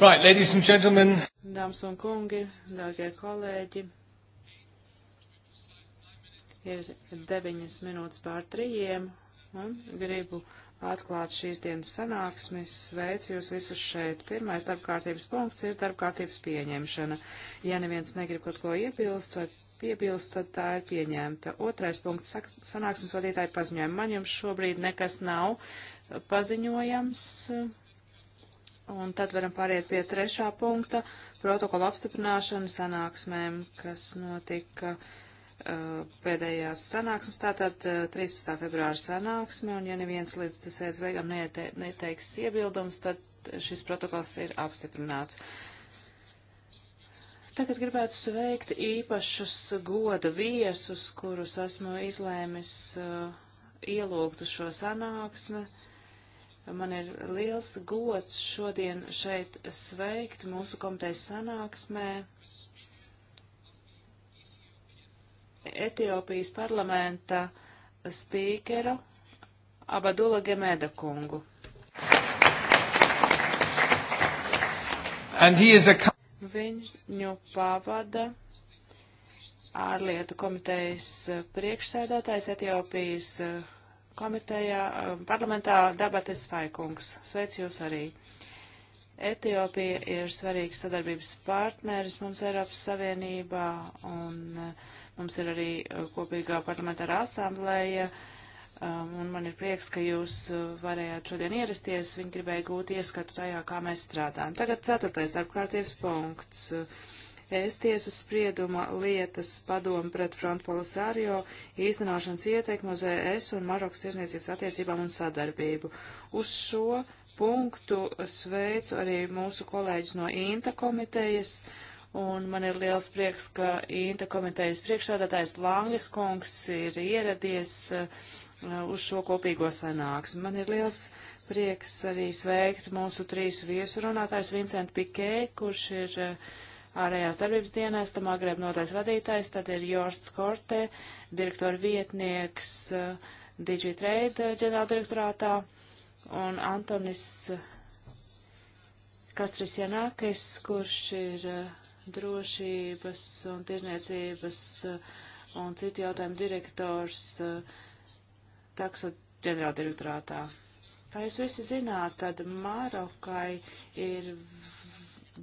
Right, ladies and gentlemen. Dāmas un kungi, dārgie kolēģi, ir deviņas minūtes pār trījiem un gribu atklāt šīs dienas sanāksmi. Sveicu jūs visus šeit. Pirmais darbkārtības punkts ir darbkārtības pieņemšana. Ja neviens negrib kaut ko iebilst vai piebilst, tad tā ir pieņemta. Otrais punkts - sanāksmes vadītāja paziņojuma. Man jums šobrīd nekas nav paziņojams. Uh, Un tad varam pāriet pie trešā punkta - protokola apstiprināšana sanāksmēm, kas notika uh, pēdējās sanāksmes, tātad uh, 13. februāra sanāksme, un ja neviens līdz tas sēdz beigām nete, neteiks iebildums, tad šis protokols ir apstiprināts. Tagad gribētu sveikt īpašus goda viesus, kurus esmu izlēmis uh, ielūgt uz šo sanāksmi. Uh, Man ir liels gods šodien šeit sveikt mūsu komitejas sanāksmē Etiopijas parlamenta spīkeru Abadula Gemeda kungu. A... Viņu pavada ārlietu komitejas priekšsēdētājs Etiopijas komitejā, um, parlamentā Dabates Svaikungs. Sveic jūs arī. Etiopija ir svarīgs sadarbības partneris mums Eiropas Savienībā, un uh, mums ir arī uh, kopīgā parlamentārā asamblēja. Um, un man ir prieks, ka jūs uh, varējāt šodien ierasties. Viņi gribēja gūt ieskatu tajā, kā mēs strādājam. Tagad ceturtais darbkārtības punkts. Uh, es tiesas sprieduma lietas padomu pret Front Polisario īstenošanas ieteikumu uz ES un Marokas tiesniecības attiecībām un sadarbību. Uz šo punktu sveicu arī mūsu kolēģis no INTA komitejas. Un man ir liels prieks, ka INTA komitejas priekšsādātājs Langas kungs ir ieradies uh, uz šo kopīgo sanāksmi. Man ir liels prieks arī sveikt mūsu trīs viesurunātājs Vincentu Pikē, kurš ir uh, ārējās darbības dienesta Magreb notais vadītājs, tad ir Jorsts Korte, direktora vietnieks uh, DigiTrade eh, ģenerāldirektorātā un Antonis eh, Kastris Janakis, kurš ir uh, drošības un tirzniecības uh, un citu jautājumu direktors taksu ģenerāldirektorātā. Kā jūs visi zināt, tad Marokai ir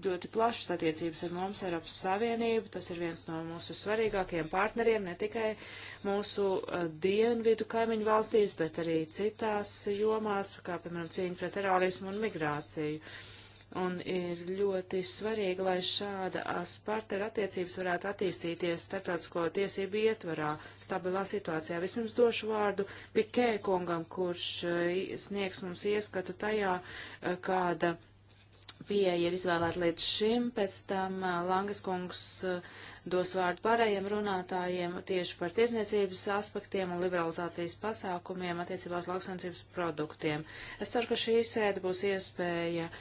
ļoti plašas attiecības ar mums, Eiropas Savienību. Tas ir viens no mūsu svarīgākajiem partneriem, ne tikai mūsu uh, dienvidu kaimiņu valstīs, bet arī citās jomās, kā piemēram cīņa pret terorismu un migrāciju. Un ir ļoti svarīgi, lai šāda partneru attiecības varētu attīstīties starptautisko tiesību ietvarā, stabilā situācijā. Vispirms došu vārdu Pikē kungam, kurš uh, sniegs mums ieskatu tajā, uh, kāda pieeja ir izvēlēta līdz šim, pēc tam Langas kungs dos vārdu pārējiem runātājiem tieši par tiesniecības aspektiem un liberalizācijas pasākumiem attiecībās lauksaimniecības produktiem. Es ceru, ka šī sēde būs iespēja uh,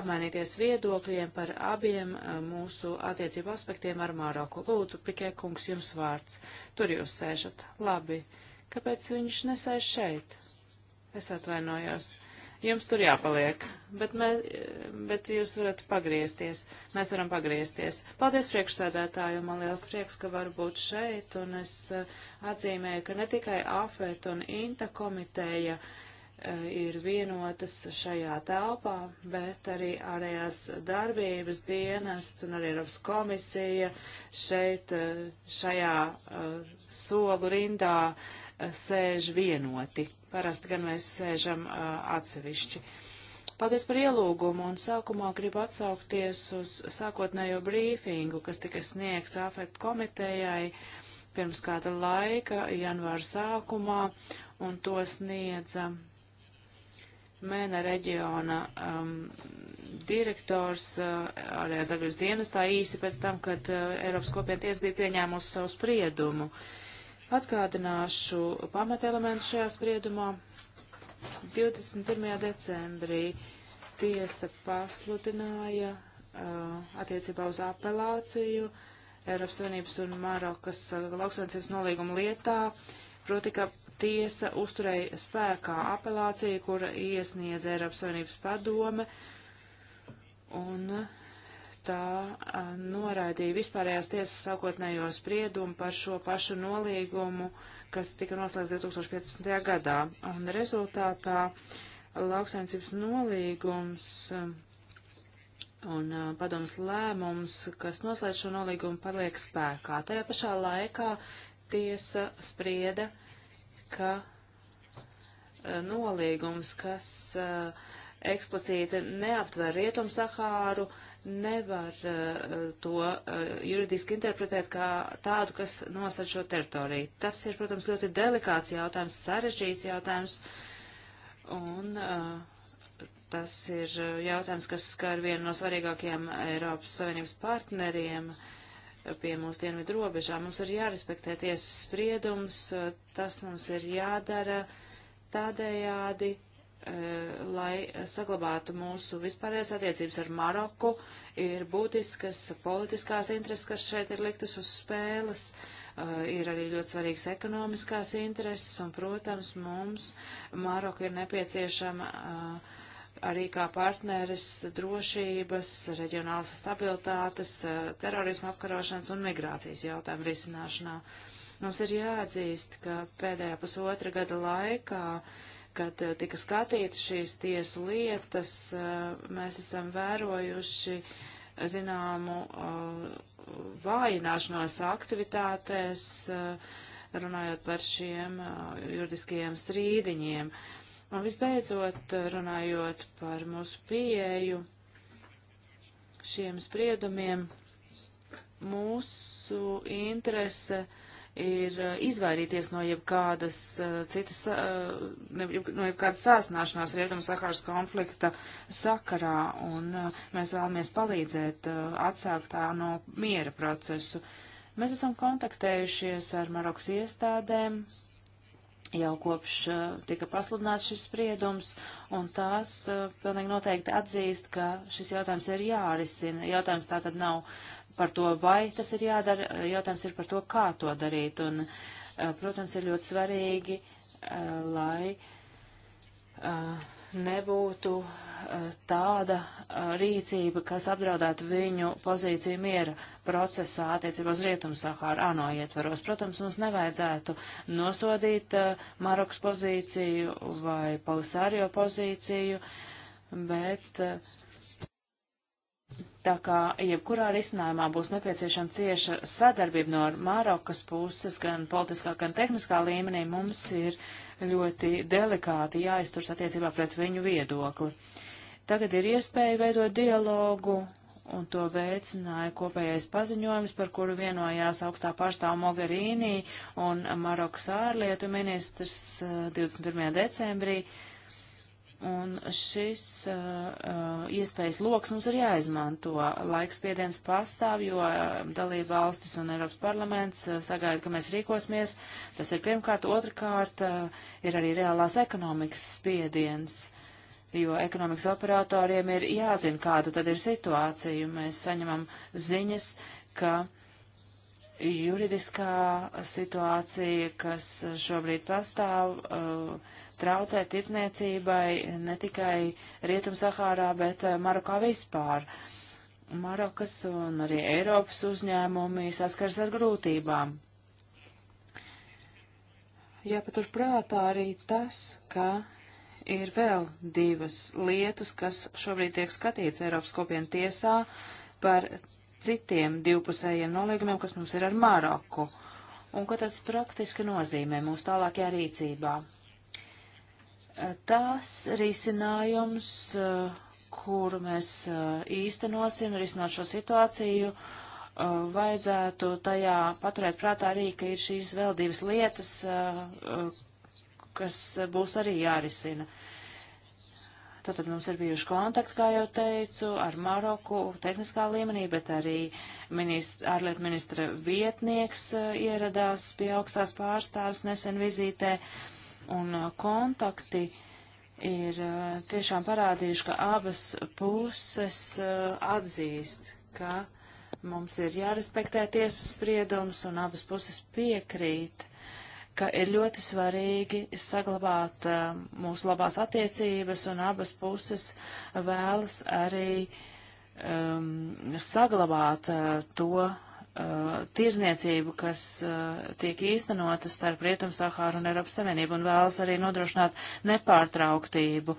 apmainīties viedokļiem par abiem uh, mūsu attiecību aspektiem ar Māroku. Lūdzu, Pikē kungs, jums vārds. Tur jūs sēžat. Labi. Kāpēc viņš nesēž šeit? Es atvainojos. Uh, jums tur jāpaliek, bet, mē, bet jūs varat pagriezties, mēs varam pagriezties. Paldies priekšsēdētāju, man liels prieks, ka varu būt šeit, un es eh, atzīmēju, ka ne tikai AFET un INTA komiteja eh, ir vienotas šajā telpā, bet arī ārējās darbības dienests un arī Eiropas komisija šeit eh, šajā solu rindā sēž vienoti. Parasti gan mēs sēžam atsevišķi. Paldies par ielūgumu un sākumā gribu atsaukties uz sākotnējo brīfingu, kas tika sniegts AFET komitejai pirms kāda laika, janvāra sākumā, un to sniedza Mēna reģiona um, direktors uh, ārējās darbības dienestā īsi pēc tam, kad uh, Eiropas kopiena tiesa bija pieņēmusi savu spriedumu. Uh, Atgādināšu pamatelementu šajā spriedumā. 21. decembrī tiesa pasludināja uh, attiecībā uz apelāciju Eiropas Savienības un Marokas uh, lauksaimniecības nolīguma lietā, proti, ka tiesa uzturēja spēkā apelāciju, kura iesniedz Eiropas Savienības padome, un uh, tā a, noraidīja vispārējās tiesas sākotnējo spriedumu par šo pašu nolīgumu, kas tika noslēgts 2015. gadā. Un rezultātā lauksaimniecības nolīgums a, un a, padoms lēmums, kas noslēdz šo nolīgumu, paliek spēkā. Tajā pašā laikā tiesa sprieda, ka nolīgums, kas eksplicīti neaptver Rietumsahāru, uh, nevar uh, to uh, juridiski interpretēt kā tādu, kas nosaka šo teritoriju. Tas ir, protams, ļoti delikāts jautājums, sarežģīts jautājums, un uh, tas ir jautājums, kas skar vienu no svarīgākajiem Eiropas Savienības partneriem pie mūsu dienvidu robežām. Mums ir jārespektē tiesas spriedums, tas mums ir jādara tādējādi, Eh, lai saglabātu mūsu vispārējās attiecības ar Maroku, ir būtiskas politiskās intereses, kas šeit ir liktas uz spēles, eh, ir arī ļoti svarīgas ekonomiskās intereses, un, protams, mums Maroka ir nepieciešama eh, arī kā partneris drošības, reģionālas stabilitātes, terorismu apkarošanas un migrācijas jautājumu risināšanā. Mums ir jāatzīst, ka pēdējā pusotra gada laikā uh, kad eh, tika skatītas šīs tiesu lietas, eh, mēs esam vērojuši eh, zināmu vājināšanos aktivitātēs, runājot par šiem juridiskajiem strīdiņiem. Un visbeidzot, runājot par mūsu pieeju šiem spriedumiem, mūsu interese uh, ir eh, izvairīties no jebkādas eh, citas, eh, no jebkādas sāsināšanās Rietumu Sahāras konflikta sakarā, un mēs vēlamies palīdzēt atsākt tā no miera procesu. Mēs esam kontaktējušies ar Marokas iestādēm jau kopš tika pasludināts šis spriedums, un tās pilnīgi noteikti atzīst, ka šis jautājums ir jārisina. Jautājums tā tad nav par to, vai tas ir jādara, jautājums ir par to, kā to darīt. Un, protams, ir ļoti svarīgi, lai nebūtu tāda rīcība, kas apdraudētu viņu pozīciju miera procesā attiecībā uz Rietumu Sahāru ANO ietvaros. Protams, mums nevajadzētu nosodīt Marokas pozīciju vai Polisārio pozīciju, bet uh, Tā kā jebkurā risinājumā būs nepieciešama cieša sadarbība no Mārokas puses, gan politiskā, gan tehniskā līmenī, mums ir ļoti delikāti jāizturs attiecībā pret viņu viedokli. Tagad ir iespēja veidot dialogu, un to veicināja kopējais paziņojums, par kuru vienojās augstā pārstāva Mogherīnī un Marokas ārlietu ministrs eh, 21. decembrī. Uh, Un šis uh, uh, iespējas loks mums ir jāizmanto. Laikspiediens pastāv, jo um, dalība valstis un Eiropas parlaments uh, sagaida, ka mēs rīkosimies. Tas ir pirmkārt. Otrakārt uh, ir arī reālās ekonomikas spiediens, jo ekonomikas operatoriem ir jāzina, kāda tad ir situācija. Mēs saņemam ziņas, ka juridiskā situācija, kas šobrīd pastāv, uh, traucē tirdzniecībai ne tikai Rietum-Sahārā, bet eh, Marokā vispār. Marokas un arī Eiropas uzņēmumi saskars ar grūtībām. Jāpatur prātā arī tas, ka ir vēl divas lietas, kas šobrīd tiek skatīts Eiropas kopienu tiesā par citiem divpusējiem nolīgumiem, kas mums ir ar Maroku, un ko tas praktiski nozīmē mūsu tālākajā rīcībā tās risinājums, eh, kuru mēs eh, īstenosim, risinot šo situāciju, eh, vajadzētu tajā paturēt prātā arī, ka ir šīs vēl divas lietas, kas būs arī jārisina. Tātad mums ir bijuši kontakti, kā jau teicu, ar Maroku tehniskā līmenī, bet arī ministr, ārlietu ministra vietnieks ieradās pie augstās pārstāvis nesen vizītē. Uh, un uh, kontakti ir uh, tiešām parādījuši, ka abas puses uh, atzīst, ka mums ir jārespektē tiesas spriedums un abas puses piekrīt, ka ir ļoti svarīgi saglabāt um, mūsu labās attiecības un abas puses vēlas arī um, saglabāt uh, to uh, tirzniecību, kas uh, tiek īstenota starp Rietumsahāru un Eiropas Savienību un vēlas arī nodrošināt nepārtrauktību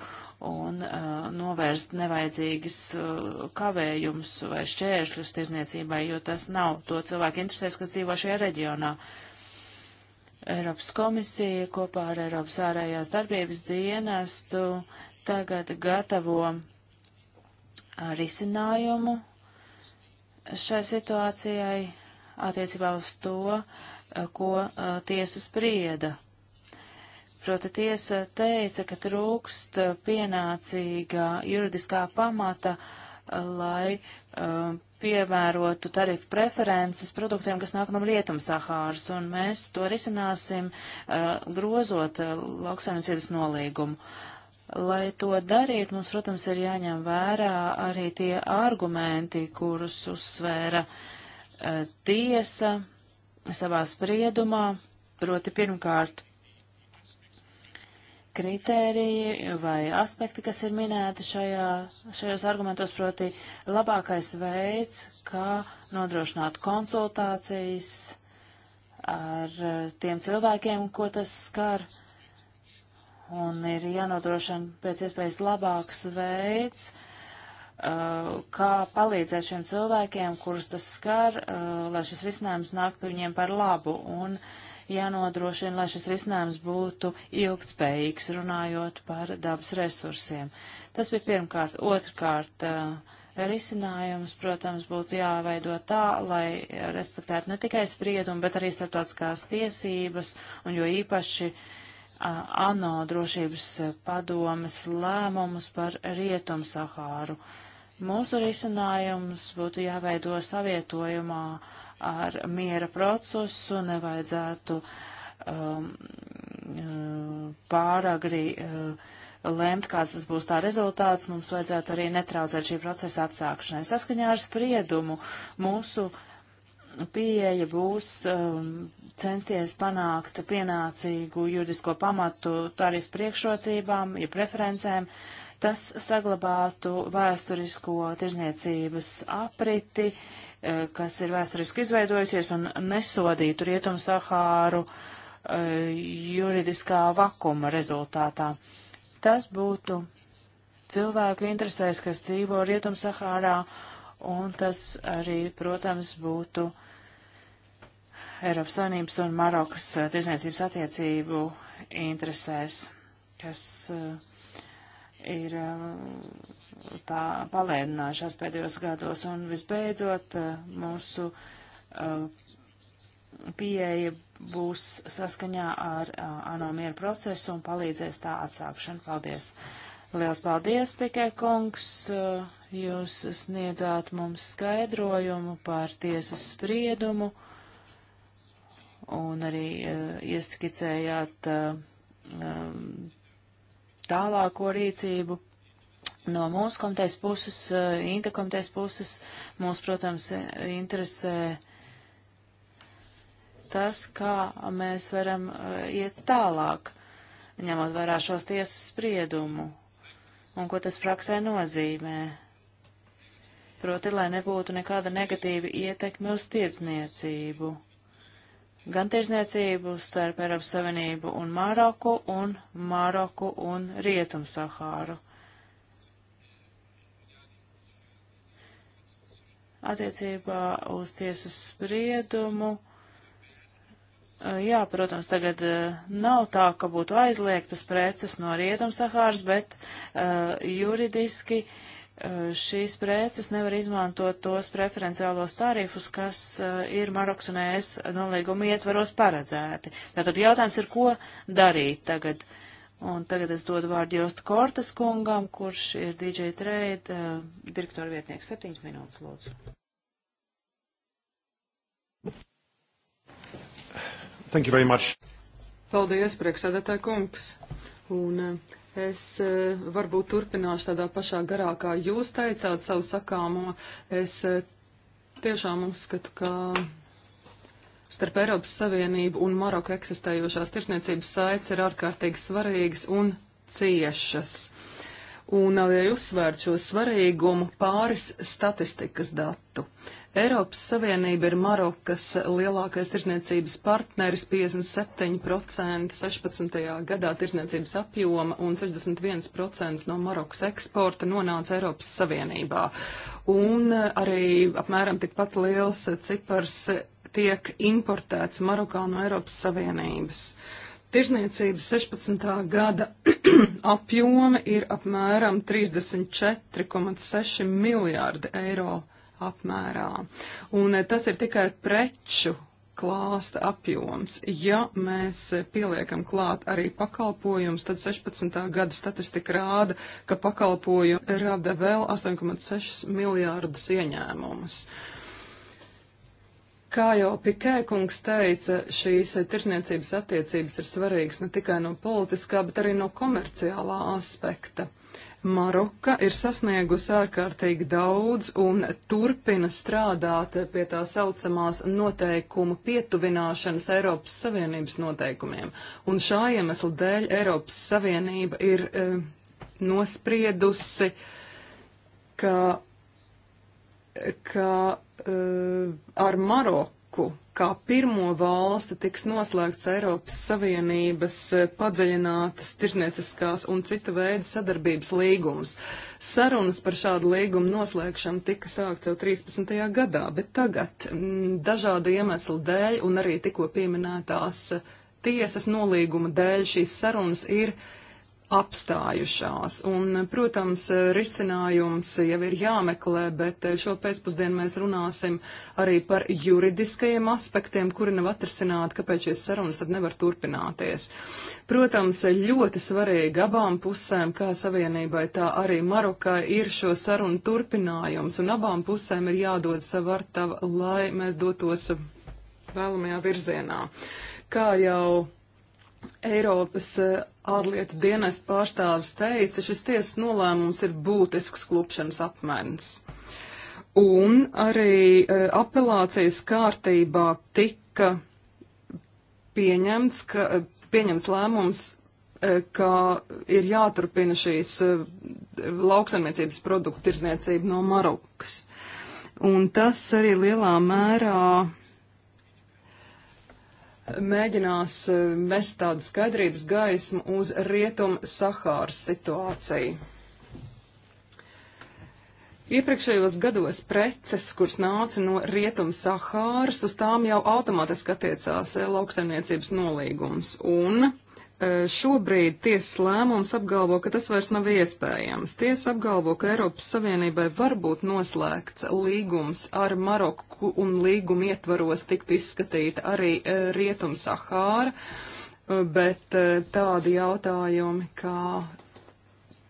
un uh, novērst nevajadzīgas uh, kavējumus vai šķēršļus tirzniecībai, jo tas nav to cilvēku interesēs, kas dzīvo šajā reģionā. Eiropas komisija kopā ar Eiropas ārējās darbības dienestu tagad gatavo uh, risinājumu šai situācijai attiecībā uz to, eh, ko eh, tiesa sprieda. Proti tiesa teica, ka trūkst eh, pienācīgā juridiskā pamata, lai um, piemērotu tarifu preferences produktiem, kas nāk no Rietumsahāras, un mēs to risināsim uh, grozot uh, lauksaimniecības nolīgumu. Lai to darītu, mums, protams, ir jāņem vērā arī tie argumenti, kurus uzsvēra uh, tiesa savā spriedumā, proti pirmkārt kritēriji vai aspekti, kas ir minēti šajā, šajos argumentos, proti labākais veids, kā nodrošināt konsultācijas ar e, tiem cilvēkiem, ko tas skar. Uh, un ir jānodrošina pēc iespējas labāks veids, uh, kā palīdzēt šiem cilvēkiem, kurus tas skar, uh, lai šis risinājums nāk pie viņiem par labu, un jānodrošina, lai šis risinājums būtu ilgtspējīgs, runājot par dabas resursiem. Tas bija pirmkārt. Otrkārt, uh, risinājums, protams, būtu jāveido tā, lai respektētu ne tikai spriedumu, bet arī starptautiskās tiesības, un jo īpaši uh, ANO drošības padomes lēmumus par Rietumu Sahāru. Mūsu risinājums būtu jāveido savietojumā ar miera procesu, nevajadzētu um, e, pāragri uh, e, lemt, kāds tas būs tā rezultāts, mums vajadzētu arī netraucēt šī procesa atsākšanai. Saskaņā ar spriedumu mūsu pieeja būs um, censties panākt pienācīgu juridisko pamatu tarifu priekšrocībām, ja preferencēm, tas saglabātu vēsturisko tirzniecības apriti, eh, kas ir vēsturiski izveidojusies un nesodītu Rietumu Sahāru eh, juridiskā vakuma rezultātā. Tas būtu cilvēku interesēs, kas dzīvo Rietum Sahārā, un tas arī, protams, būtu uh, Eiropas Savienības un Marokas eh, tirzniecības attiecību interesēs, kas eh, ir eh, tā palēdinājušās pēdējos gados. Un visbeidzot, mūsu pieeja būs saskaņā ar ANO mieru procesu un palīdzēs tā atsākšanu. Paldies! Liels paldies, Pikē kungs! Jūs sniedzāt mums skaidrojumu par tiesas spriedumu un arī uh, ieskicējāt uh, um, tālāko rīcību. No mūsu komitejas puses, uh, Inta komitejas puses, mūs, protams, interesē tas, kā mēs varam uh, iet tālāk, ņemot vērā šos tiesas spriedumu un ko tas praksē nozīmē. Proti, lai nebūtu nekāda negatīva ietekme uz tiedzniecību gan tirzniecību starp Eiropas Savienību un Māroku un Māroku un Rietumsahāru. Attiecībā uz tiesas spriedumu. Jā, protams, tagad nav tā, ka būtu aizliegtas preces no Rietumsahāras, bet uh, juridiski uh, Eh, šīs preces nevar izmantot tos preferenciālos tarifus, kas eh, ir Maroks un ES nolīguma ietvaros paredzēti. Tātad jautājums ir, ko darīt tagad. Un tagad es dodu vārdu Jostu Kortas kungam, kurš ir DJ Trade uh, direktora vietnieks. Septiņas minūtes, lūdzu. Thank you very much. Paldies, priekšsēdētāj kungs. Un uh, Es eh, varbūt turpināšu tādā pašā garā, kā jūs teicāt savu sakāmo. Es eh, tiešām uzskatu, ka starp Eiropas Savienību un Maroku eksistējošās tirsniecības saites ir ārkārtīgi svarīgas un ciešas. Uh, un lai uzsvērtu šo svarīgumu pāris statistikas datu. Eiropas Savienība ir Marokas lielākais tirzniecības partneris 57% 16. gadā tirzniecības apjoma un 61% no Marokas eksporta nonāca Eiropas Savienībā. Un eh, arī apmēram tikpat liels cipars tiek importēts Marokā no Eiropas Savienības. Tirzniecības 16. gada apjoma ir apmēram 34,6 miljārdi eiro apmērā. Un eh, tas ir tikai preču klāsta apjoms. Ja mēs eh, pieliekam klāt arī pakalpojums, tad 16. gada statistika rāda, ka pakalpojumi rada vēl 8,6 miljārdus ieņēmumus. Uh, Kā jau Pikē kungs teica, šīs tirsniecības attiecības ir svarīgas ne tikai no politiskā, bet arī no komerciālā aspekta. Maroka ir sasniegusi ārkārtīgi daudz un turpina strādāt pie tā saucamās noteikumu pietuvināšanas Eiropas Savienības noteikumiem. Un šā iemesla dēļ Eiropas Savienība ir e, nospriedusi, ka ka uh, ar Maroku kā pirmo valsti tiks noslēgts Eiropas Savienības eh, padziļinātas tirzniecības un cita veida sadarbības līgums. Sarunas par šādu līgumu noslēgšanu tika sākts jau 13. gadā, bet tagad m, mm, dažādu iemeslu dēļ un arī tikko pieminētās tiesas nolīguma dēļ šīs sarunas ir uh, apstājušās. Un, protams, risinājums jau ir jāmeklē, bet šo pēcpusdienu mēs runāsim arī par juridiskajiem aspektiem, kuri nav atrasināti, kāpēc šīs sarunas tad nevar turpināties. Protams, ļoti svarīgi abām pusēm, kā Savienībai, tā arī Marokai, ir šo sarunu turpinājums, un abām pusēm ir jādod savu artavu, lai mēs dotos vēlamajā virzienā. Kā jau Eiropas eh, ārlietu dienestu pārstāvis teica, šis tiesas nolēmums ir būtisks klupšanas apmērns. Un arī eh, apelācijas kārtībā tika pieņemts, ka, eh, pieņemts lēmums, ka ir jāturpina šīs lauksaimniecības produktu tirzniecība no Marokas. Un tas arī lielā mērā mēģinās eh, mest tādu skaidrības gaismu uz rietumu Sahāras situāciju. Iepriekšējos gados preces, kuras nāca no rietumu Sahāras, uz tām jau automātiski attiecās eh, lauksaimniecības nolīgums. Un Eh, šobrīd tiesas lēmums apgalvo, ka tas vairs nav iespējams. Tiesa apgalvo, ka Eiropas Savienībai var būt noslēgts līgums ar Maroku un līguma ietvaros tikt izskatīta arī eh, Rietum Sahāra, eh, bet tādi jautājumi kā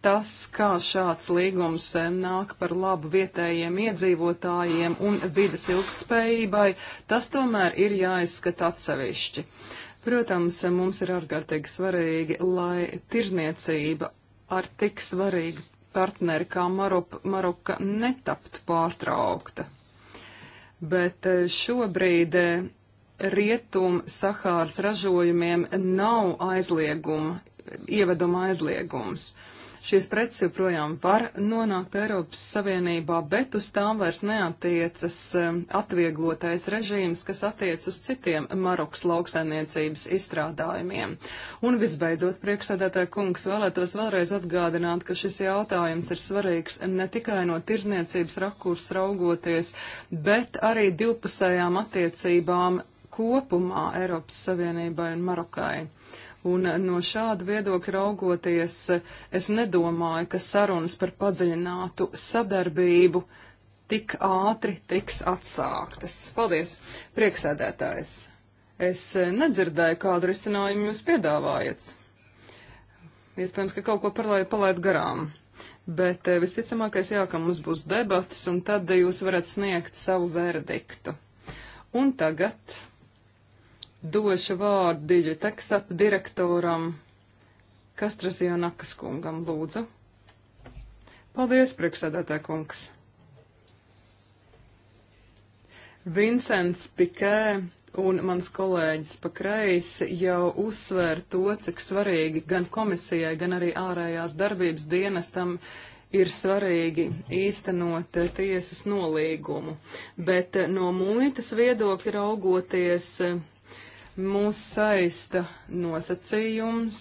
tas, kā šāds līgums nāk par labu vietējiem iedzīvotājiem un vidas ilgtspējībai, tas tomēr ir jāizskata atsevišķi. Protams, mums ir ārkārtīgi svarīgi, lai tirzniecība ar tik svarīgu partneri kā Marop, Maroka netapt pārtraukta. Bet eh, šobrīd eh, rietum Sahāras ražojumiem nav aizlieguma, ieveduma aizliegums. Uh, Šīs preces joprojām var nonākt Eiropas Savienībā, bet uz tām vairs neatiecas um, atvieglotais režīms, kas attiec uz citiem Marokas lauksainiecības izstrādājumiem. Un visbeidzot, priekšsēdētāja kungs vēlētos vēlreiz atgādināt, ka šis jautājums ir svarīgs ne tikai no tirzniecības rakurs raugoties, bet arī divpusējām attiecībām kopumā Eiropas Savienībai un Marokai. Un no šāda viedokļa raugoties, es nedomāju, ka sarunas par padziļinātu sadarbību tik ātri tiks atsāktas. Paldies, prieksēdētājs. Es nedzirdēju, kādu risinājumu jūs piedāvājat. Iespējams, ka kaut ko palaid garām. Bet eh, visticamākais jā, ka mums būs debatas, un tad jūs varat sniegt savu verdiktu. Un tagad došu vārdu Digitaxap direktoram Kastras Janakas kungam, lūdzu. Paldies, priekšsēdētā kungs. Vincents Pikē un mans kolēģis pa kreisi jau uzsver to, cik svarīgi gan komisijai, gan arī ārējās darbības dienestam ir svarīgi īstenot tiesas nolīgumu. Bet no muitas viedokļa raugoties, Mūs saista nosacījums,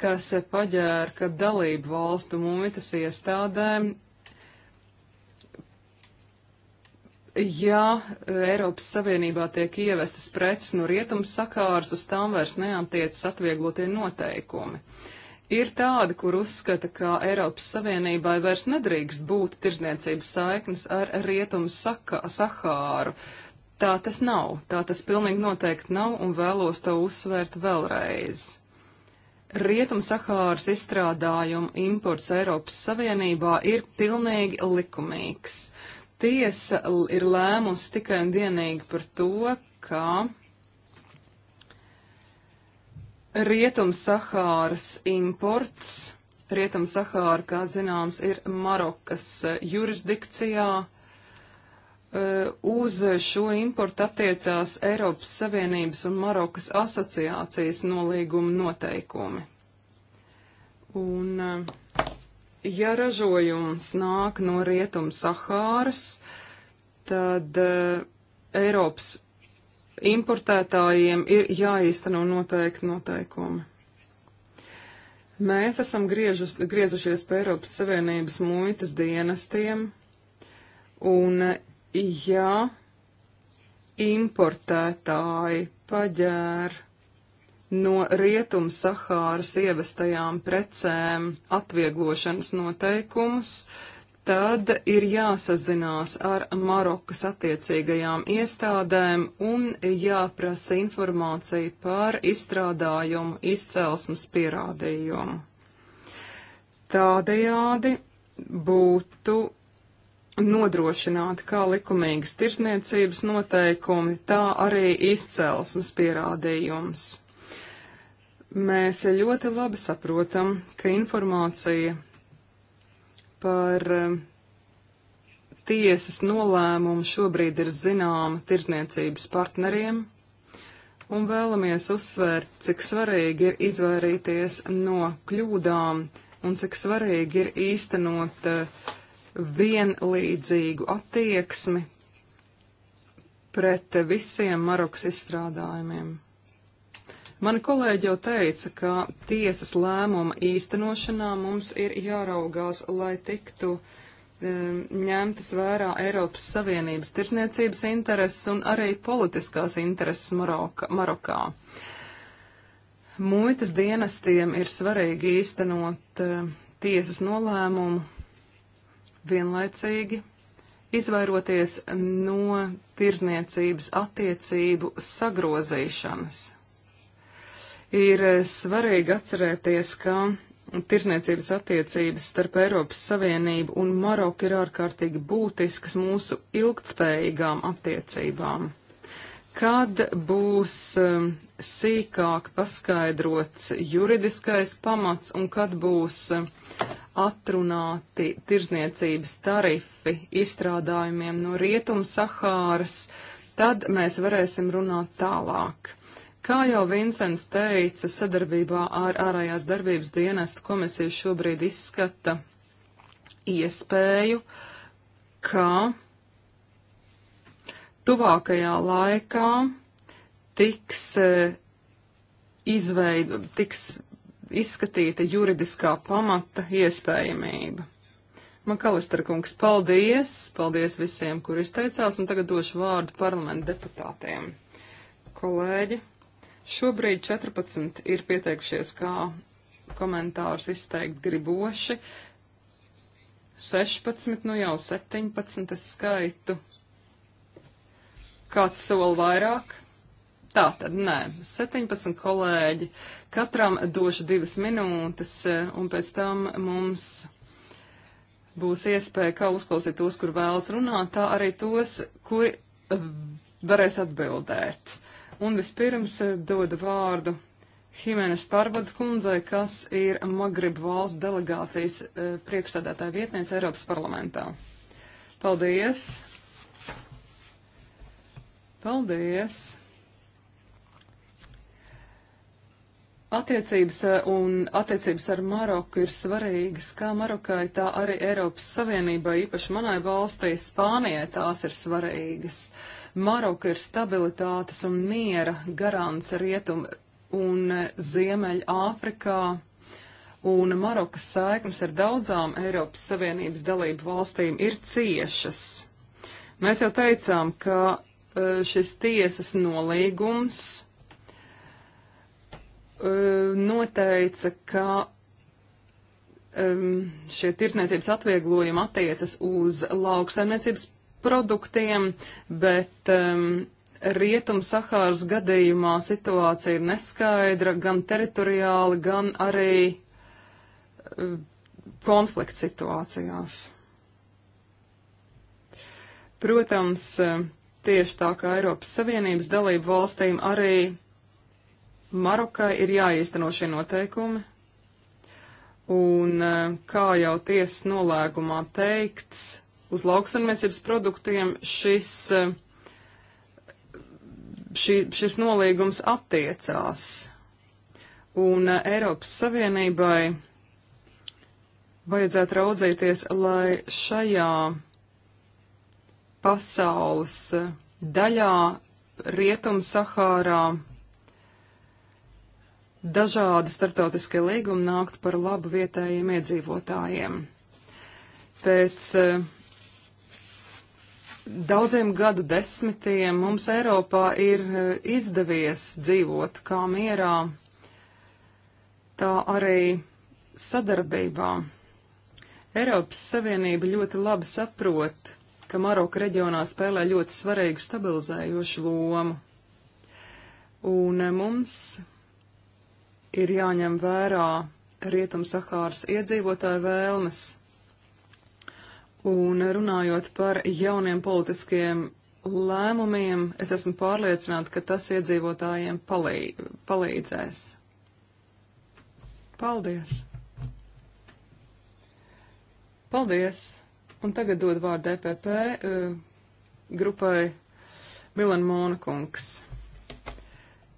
kas paģēra, ka dalību valstu muitas iestādēm ja Eiropas Savienībā tiek ievestas preces no rietums sakārs, uz tām vairs neantiecas atvieglotie noteikumi. Ir tādi, kur uzskata, ka Eiropas Savienībai vairs nedrīkst būt tirzniecības saiknes ar rietumu saka, Sahāru, Tā tas nav, tā tas pilnīgi noteikti nav, un vēlos to uzsvērt vēlreiz. Rietum-Sahāras izstrādājumu imports Eiropas Savienībā ir pilnīgi likumīgs. Tiesa ir lēmusi tikai un vienīgi par to, ka Rietum-Sahāras imports, Rietum-Sahāra, kā zināms, ir Marokas jurisdikcijā, Uh, uz šo importu attiecās Eiropas Savienības un Marokas asociācijas nolīguma noteikumi. Un, uh, ja ražojums nāk no Rietum Sahāras, tad uh, Eiropas importētājiem ir jāīsteno noteikti noteikumi. Mēs esam griežus, griezušies pie Eiropas Savienības muitas dienestiem, un ja importētāji paģēra no rietum Sahāras ievestajām precēm atvieglošanas noteikumus, tad ir jāsazinās ar Marokas attiecīgajām iestādēm un jāprasa informācija par izstrādājumu izcelsmes pierādījumu. Tādējādi būtu nodrošināti kā likumīgas tirsniecības noteikumi, tā arī izcelsmes pierādījums. Mēs ļoti labi saprotam, ka informācija par eh, tiesas nolēmumu šobrīd ir zināma tirsniecības partneriem, un vēlamies uzsvērt, cik svarīgi ir izvairīties no kļūdām un cik svarīgi ir īstenot uh, vienlīdzīgu attieksmi pret visiem Marokas izstrādājumiem. Mani kolēģi jau teica, ka tiesas lēmuma īstenošanā mums ir jāraugās, lai tiktu um, ņemtas vērā Eiropas Savienības tirsniecības intereses un arī politiskās intereses Maroka, Marokā. Muitas dienestiem ir svarīgi īstenot uh, tiesas nolēmumu vienlaicīgi izvairoties no tirzniecības attiecību sagrozīšanas. Ir svarīgi atcerēties, ka tirzniecības attiecības starp Eiropas Savienību un Maroku ir ārkārtīgi būtiskas mūsu ilgtspējīgām attiecībām. Kad būs um, sīkāk paskaidrots juridiskais pamats un kad būs um, atrunāti tirzniecības tarifi izstrādājumiem no Rietum-Sahāras, tad mēs varēsim runāt tālāk. Kā jau Vincents teica, sadarbībā ar ārējās darbības dienestu komisija šobrīd izskata iespēju, ka tuvākajā laikā tiks, eh, izveid, tiks izskatīta juridiskā pamata iespējamība. Makalistra kungs, paldies! Paldies visiem, kur izteicās, un tagad došu vārdu parlamenta deputātiem. Kolēģi, šobrīd 14 ir pieteikušies, kā komentārus izteikt griboši. 16, nu jau 17 es skaitu. Kāds sola vairāk? Tā tad nē, 17 kolēģi, katram došu divas minūtes, un pēc tam mums būs iespēja kā uzklausīt tos, kur vēlas runāt, tā arī tos, kuri eh, varēs atbildēt. Un vispirms eh, dodu vārdu Himenes Pārbads kundzei, kas ir Magrib valsts delegācijas e, priekšsēdētāja vietniece Eiropas parlamentā. Paldies! Paldies! Attiecības eh, un attiecības ar Maroku ir svarīgas kā Marokai, tā arī Eiropas Savienībai, īpaši manai valstī, Spānijai tās ir svarīgas. Maroka ir stabilitātes un miera garants rietum un eh, ziemeļ Āfrikā, un Marokas saiknes ar daudzām Eiropas Savienības dalību valstīm ir ciešas. Mēs jau teicām, ka eh, šis tiesas nolīgums noteica, ka šie tirsniecības atvieglojumi attiecas uz lauksaimniecības produktiem, bet um, Rietum Sahāras gadījumā situācija ir neskaidra gan teritoriāli, gan arī um, e, konflikts situācijās. Protams, e, tieši tā kā Eiropas Savienības dalību valstīm arī Marokai ir jāīsteno šie noteikumi, un e, kā jau tiesas nolēgumā teikts, uz lauksaimniecības produktiem šis, e, šī, šis nolīgums attiecās. Un e, Eiropas Savienībai vajadzētu raudzīties, lai šajā pasaules daļā Rietum Sahārā dažādi starptautiskie līgumi nākt par labu vietējiem iedzīvotājiem. Pēc eh, daudziem gadu desmitiem mums Eiropā ir eh, izdevies dzīvot kā mierā, tā arī sadarbībā. Eiropas Savienība ļoti labi saprot, ka Maroka reģionā spēlē ļoti svarīgu stabilizējošu lomu. Un eh, mums ir jāņem vērā Rietumsahāras iedzīvotāju vēlmes. Un runājot par jauniem politiskiem lēmumiem, es esmu pārliecināta, ka tas iedzīvotājiem palī palīdzēs. Paldies! Paldies! Un tagad dod vārdu EPP uh, eh, grupai Milan Mona kungs.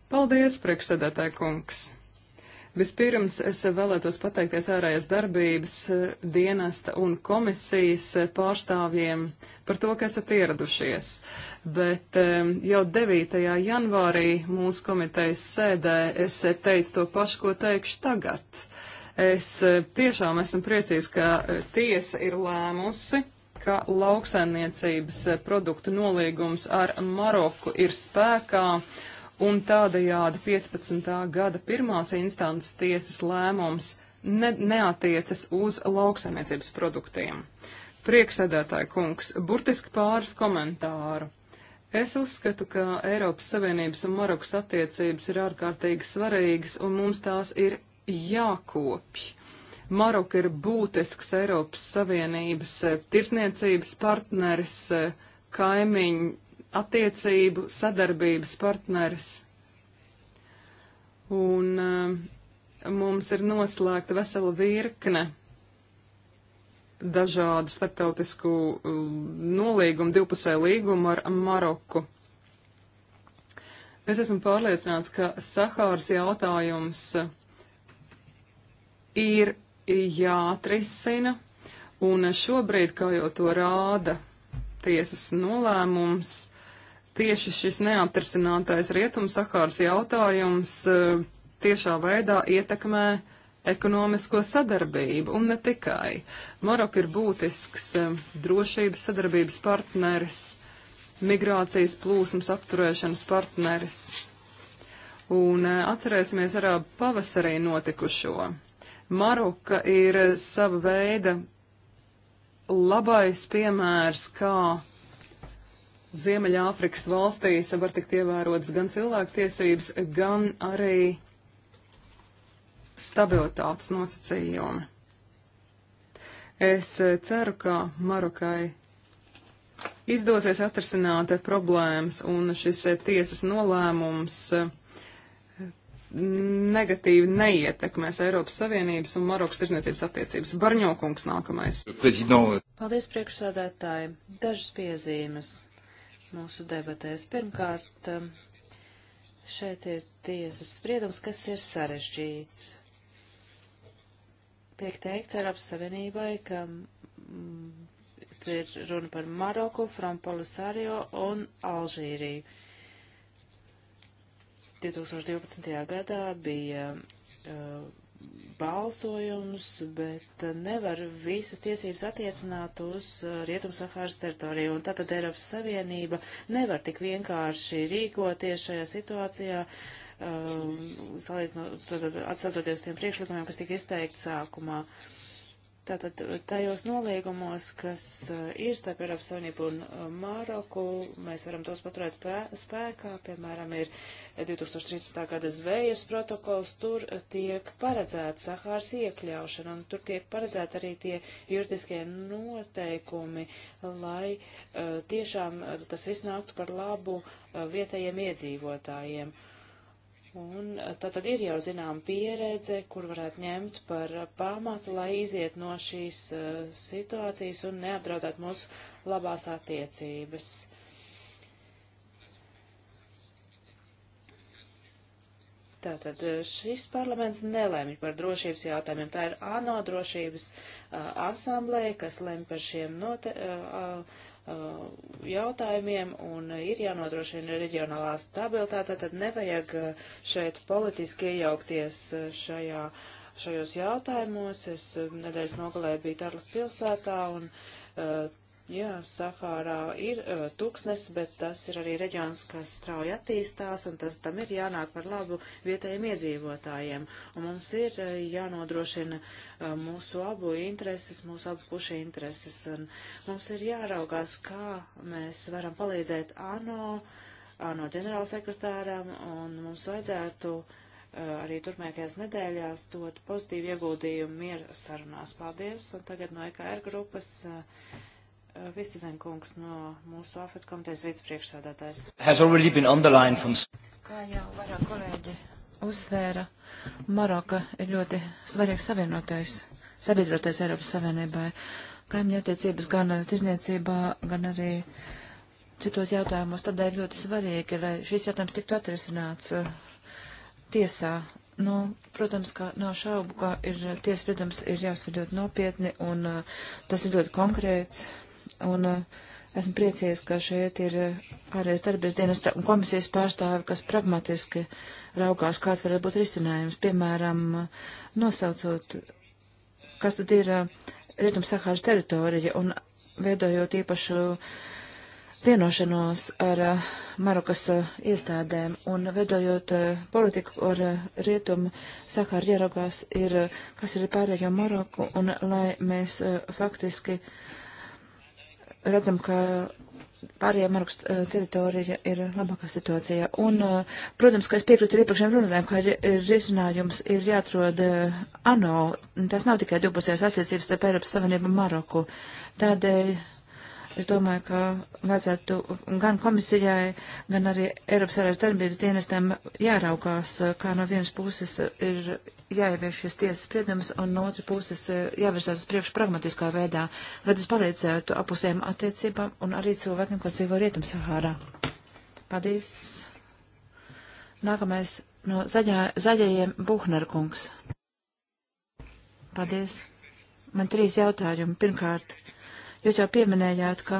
Paldies, priekšsēdētāji kungs! Vispirms es vēlētos pateikties ārējās darbības eh, dienesta un komisijas eh, pārstāvjiem par to, ka esat ieradušies. Bet eh, jau 9. janvārī mūsu komitejas sēdē es teicu to pašu, ko teikšu tagad. Es tiešām esmu priecīgs, ka tiesa ir lēmusi ka lauksaimniecības produktu nolīgums ar Maroku ir spēkā un tādajādi 15. gada pirmās instances tiesas lēmums ne, neatiecas uz lauksaimniecības produktiem. Prieksēdētāji kungs, burtiski pāris komentāru. Es uzskatu, ka Eiropas Savienības un Marokas attiecības ir ārkārtīgi svarīgas, un mums tās ir jākopj. Maroka ir būtisks Eiropas Savienības eh, tirsniecības partneris, eh, kaimiņu attiecību sadarbības partneris. Un eh, mums ir noslēgta vesela virkne dažādu starptautisku eh, nolīgumu, divpusēju līgumu ar Maroku. Es esmu pārliecināts, ka Sahāras jautājums eh, ir jāatrisina, un šobrīd, kā jau to rāda tiesas nolēmums, tieši šis neatrisinātais Rietumsakāras jautājums eh, tiešā veidā ietekmē ekonomisko sadarbību, un ne tikai. Maroka ir būtisks eh, drošības sadarbības partneris, migrācijas plūsmas apturēšanas partneris. Un eh, atcerēsimies arā pavasarī notikušo. Maroka ir sava veida labais piemērs, kā Ziemeļāfrikas valstīs var tikt ievērotas gan cilvēktiesības, gan arī stabilitātes nosacījumi. Es eh, ceru, ka Marokai izdosies atrasināt eh, problēmas un šis eh, tiesas nolēmums negatīvi neietekmēs Eiropas Savienības un Marokas tirzniecības attiecības. Barņokungs nākamais. Paldies priekšsādātāji. Dažas piezīmes mūsu debatēs. Pirmkārt, um, šeit ir tiesas spriedums, kas ir sarežģīts. Tiek teikts Eiropas Savienībai, ka mm, ir runa par Maroku, Frampolisario un Alžīriju. 2012. gadā bija uh, balsojumus, bet nevar visas tiesības attiecināt uz uh, Rietumsahāras teritoriju. Un tātad Eiropas Savienība nevar tik vienkārši rīkoties šajā situācijā, um, salīdzinot, atsaucoties uz tiem priekšlikumiem, kas tika izteikti sākumā. Uh, Tātad tajos nolīgumos, kas eh, ir starp Eiropas Savienību un eh, Māroku, mēs varam tos paturēt spēkā. Piemēram, ir 2013. gada zvejas protokols, tur eh, tiek paredzēta Sahāras iekļaušana, un tur tiek paredzēta arī tie juridiskie noteikumi, lai uh, tiešām tas viss nāktu par labu uh, vietējiem iedzīvotājiem. Uh, Un eh, tā tad ir jau zinām pieredze, kur varētu ņemt par pamatu, lai iziet no šīs uh, situācijas un neapdraudēt mūsu labās attiecības. Tātad eh, šis parlaments nelēmj par drošības jautājumiem. Tā ir ANO drošības uh, asamblēja, kas lemj par šiem note, uh, uh, Uh, jautājumiem un ir jānodrošina reģionālā stabilitāte, tad nevajag uh, šeit politiski iejaukties uh, šajā, šajos jautājumos. Es nedēļas nogalē biju Tarlas pilsētā un uh, Jā, Sahārā ir uh, tūkstnes, bet tas ir arī reģions, kas strauji attīstās, un tas tam ir jānāk par labu vietējiem iedzīvotājiem. Un mums ir uh, jānodrošina uh, mūsu abu intereses, mūsu abu pušu intereses, un mums ir jāraugās, kā mēs varam palīdzēt ANO, ANO ģenerālsekretāram, un mums vajadzētu uh, arī turpmākajās nedēļās dot pozitīvu ieguldījumu mieru sarunās. Paldies, un tagad no EKR grupas. Uh, Eh, Vistizenkungs no mūsu AFET komitejas vicepriekšsādātājs. From... Kā jau vairāk kolēģi uzsvēra, Maroka ir ļoti svarīgs savienotais, sabiedrotais Eiropas Savienībai. Kaimiņu attiecības gan tirniecībā, gan arī citos jautājumos. Tādēļ ļoti svarīgi, lai šis jautājums tiktu atrisināts uh, tiesā. Nu, protams, ka nav šaubu, ka ir tiesvedams ir jāsver ļoti nopietni un uh, tas ir ļoti konkrēts un uh, esmu priecies, ka šeit ir uh, ārējais darbības dienas un komisijas pārstāvi, kas pragmatiski raugās, kāds varētu būt risinājums. Piemēram, uh, nosaucot, kas tad ir Rietumsahāras teritorija un veidojot īpašu vienošanos ar Marokas iestādēm un vedojot politiku ar rietumu, Sahāra ieraugās ir, kas ir pārējo Maroku, un lai mēs faktiski uh, redzam, ka pārējā Marokas eh, teritorija ir labākā situācija. Un, eh, protams, ka es piekrītu iepriekšējiem runātājiem, ka risinājums ir jāatrod eh, ANO. Tas nav tikai divpusējās attiecības starp Eiropas Savienību un Maroku. Tādēļ Es domāju, ka vajadzētu gan komisijai, gan arī Eiropas ārējās darbības dienestam jāraukās, kā no vienas puses ir jāievieš šis tiesas spriedums, un no otras puses jāvirzās uz priekšu pragmatiskā veidā, lai tas palīdzētu apusējiem attiecībām un arī cilvēkiem, kas dzīvo Rietumsahārā. Paldies! Nākamais no zaļā, zaļajiem Buhnerkungs. Paldies! Man trīs jautājumi. Pirmkārt, Jūs jau pieminējāt, ka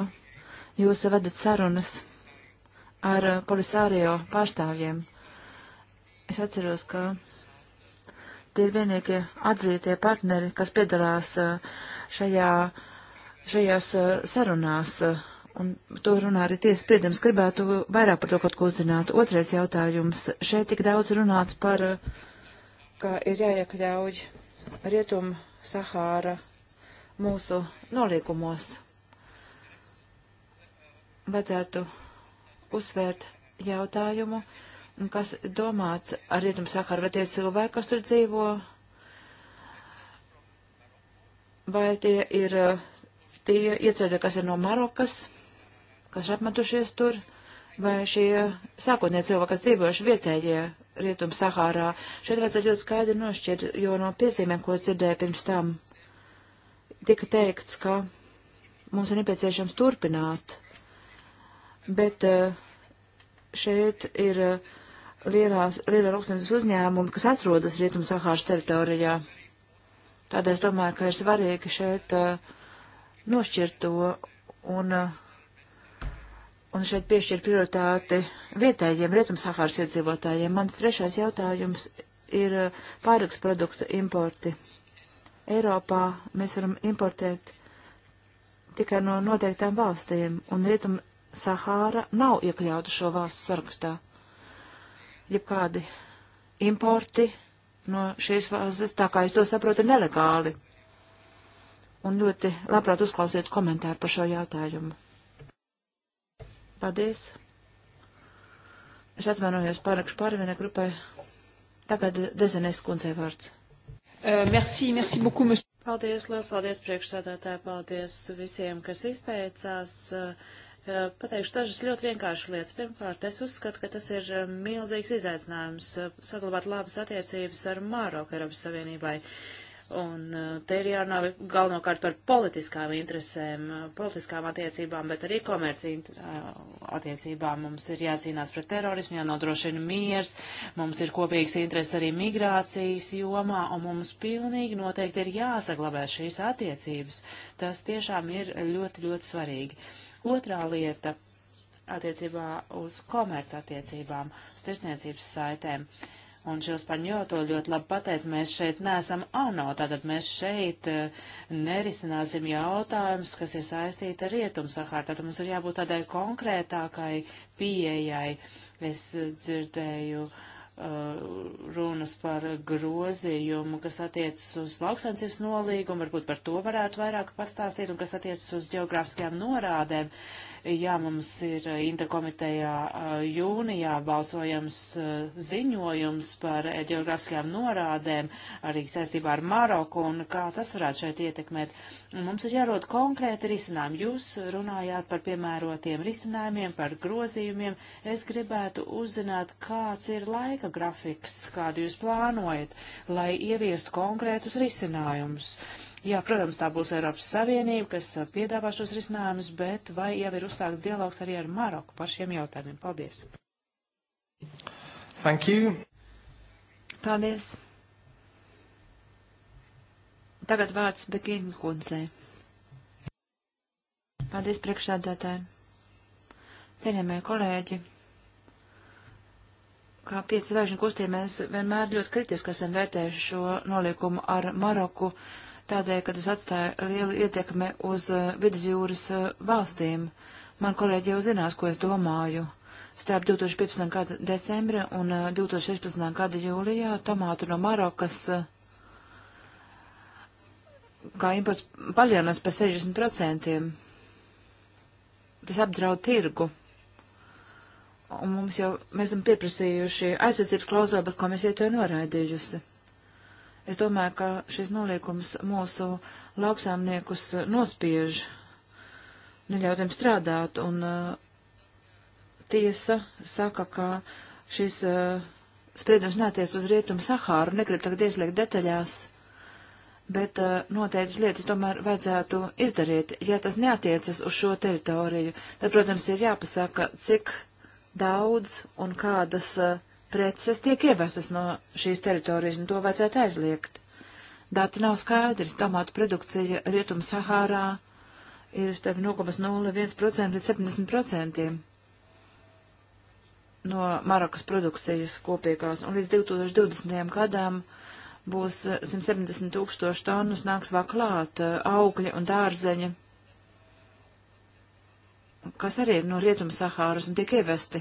jūs vedat sarunas ar polisārio pārstāvjiem. Es atceros, ka tie ir vienīgie atzītie partneri, kas piedalās uh, šajā, šajās uh, sarunās. Uh, un to runā arī tiesas spriedums. Gribētu vairāk par to kaut ko uzzināt. Otrais jautājums. Šeit tik daudz runāts par, ka ir jāiekļauj Rietum Sahāra mūsu noliekumos vajadzētu uzsvērt jautājumu, kas domāts ar Rietumu Sahāru, vai tie ir cilvēki, kas tur dzīvo, vai tie ir uh, tie ieceļi, kas ir no Marokas, kas ir apmetušies tur, vai šie sākotnie cilvēki, kas dzīvojuši vietējie Rietumu Sahārā. Šeit vajadzētu ļoti skaidri nošķirt, jo no piezīmēm, ko dzirdēju pirms tam, tika teikts, ka mums ir nepieciešams turpināt bet eh, šeit ir eh, lielās, lielā rūpniecības uzņēmuma, kas atrodas Rietum-Sahāras teritorijā. Tādēļ es domāju, ka ir svarīgi šeit eh, nošķirt to un, un šeit piešķirt prioritāti vietējiem Rietum-Sahāras iedzīvotājiem. Mans trešais jautājums ir pāriks produktu importi. Eiropā mēs varam importēt tikai no noteiktām valstīm, un Rietum Sahāra nav iekļauta šo valstu sarakstā. Ja kādi importi no šīs valstis, tā kā es to saprotu, ir nelegāli. Un ļoti labprāt uzklausiet komentāru par šo jautājumu. Paldies. Es atvainojos pārakšu pārvienai grupai. Tagad Dezenēs kundzei vārds. Uh, merci, merci beaucoup, monsieur. Paldies, liels paldies priekšsādātāji, paldies visiem, kas izteicās. Uh, pateikšu dažas ļoti vienkāršas lietas. Pirmkārt, es uzskatu, ka tas ir milzīgs izaicinājums saglabāt labas attiecības ar Māroku Eiropas Savienībai. Uh, Un uh, te ir jārunā galvenokārt par politiskām interesēm, uh, politiskām attiecībām, bet arī komercija uh, attiecībām. Mums ir jācīnās pret terorismu, jānodrošina miers, mums ir kopīgs interesi arī migrācijas jomā, un mums pilnīgi noteikti ir jāsaglabē šīs attiecības. Tas tiešām ir ļoti, ļoti svarīgi. Otrā lieta attiecībā uz komerc attiecībām, uz tirsniecības saitēm. Uh, Un Žils Paņo to ļoti labi pateica, mēs šeit neesam ANO, tātad mēs šeit eh, nerisināsim jautājumus, kas ir saistīti ar rietumu sahāru. Tātad mums ir jābūt tādai konkrētākai pieejai. Es dzirdēju uh, runas par grozījumu, kas attiecas uz lauksaimniecības nolīgumu, varbūt par to varētu vairāk pastāstīt, un kas attiecas uz geogrāfiskajām norādēm. Uh, Jā, mums ir eh, interkomitejā eh, jūnijā balsojams eh, ziņojums par ģeogrāfiskajām norādēm, arī saistībā ar Maroku un kā tas varētu šeit ietekmēt. Mums ir jārod konkrēti risinājumi. Jūs runājāt par piemērotiem risinājumiem, par grozījumiem. Es gribētu uzzināt, kāds ir laika grafiks, kādu jūs plānojat, lai ieviestu konkrētus risinājumus. Jā, protams, tā būs Eiropas Savienība, kas uh, piedāvā šos risinājumus, bet vai jau ir uzsākts dialogs arī ar Maroku par šiem jautājumiem? Paldies! Thank you. Paldies. Tagad vārds Bekīna kundzei. Paldies priekšsādātājiem. Cienījamie kolēģi, kā pieci zvaigžņu kustībē, mēs vienmēr ļoti kritiski esam vērtējuši šo nolīkumu ar Maroku. Uh, tādēļ, ka tas atstāja lielu ietekmi uz eh, vidusjūras eh, valstīm. Man kolēģi jau zinās, ko es domāju. Starp 2015. gada decembra un 2016. Eh, gada jūlijā tomātu no Marokas kā imports palielinās par 60%. Tas apdraud tirgu. Un mums jau, mēs esam pieprasījuši aizsardzības klauzulu, bet komisija to noraidījusi. Es domāju, ka šis noliekums mūsu lauksāmniekus nospiež, neļaut viņiem strādāt, un uh, tiesa saka, ka šis uh, spriedums neatiec uz rietumu Sahāru, negrib tagad ieslēgt detaļās, bet uh, noteikti lietas tomēr vajadzētu izdarīt. Ja tas neatiecas uz šo teritoriju, tad, protams, ir jāpasaka, cik daudz un kādas uh, preces tiek ievestas no šīs teritorijas, un to vajadzētu aizliegt. Dati nav skaidri. Tomātu produkcija Rietum Sahārā ir starp 0,01% līdz 70% no Marokas produkcijas kopīgās, un līdz 2020. gadam būs 170 tūkstoši tonnas nāks vēl klāt eh, augļi un dārzeņi, kas arī ir no Rietum Sahāras un tiek ievesti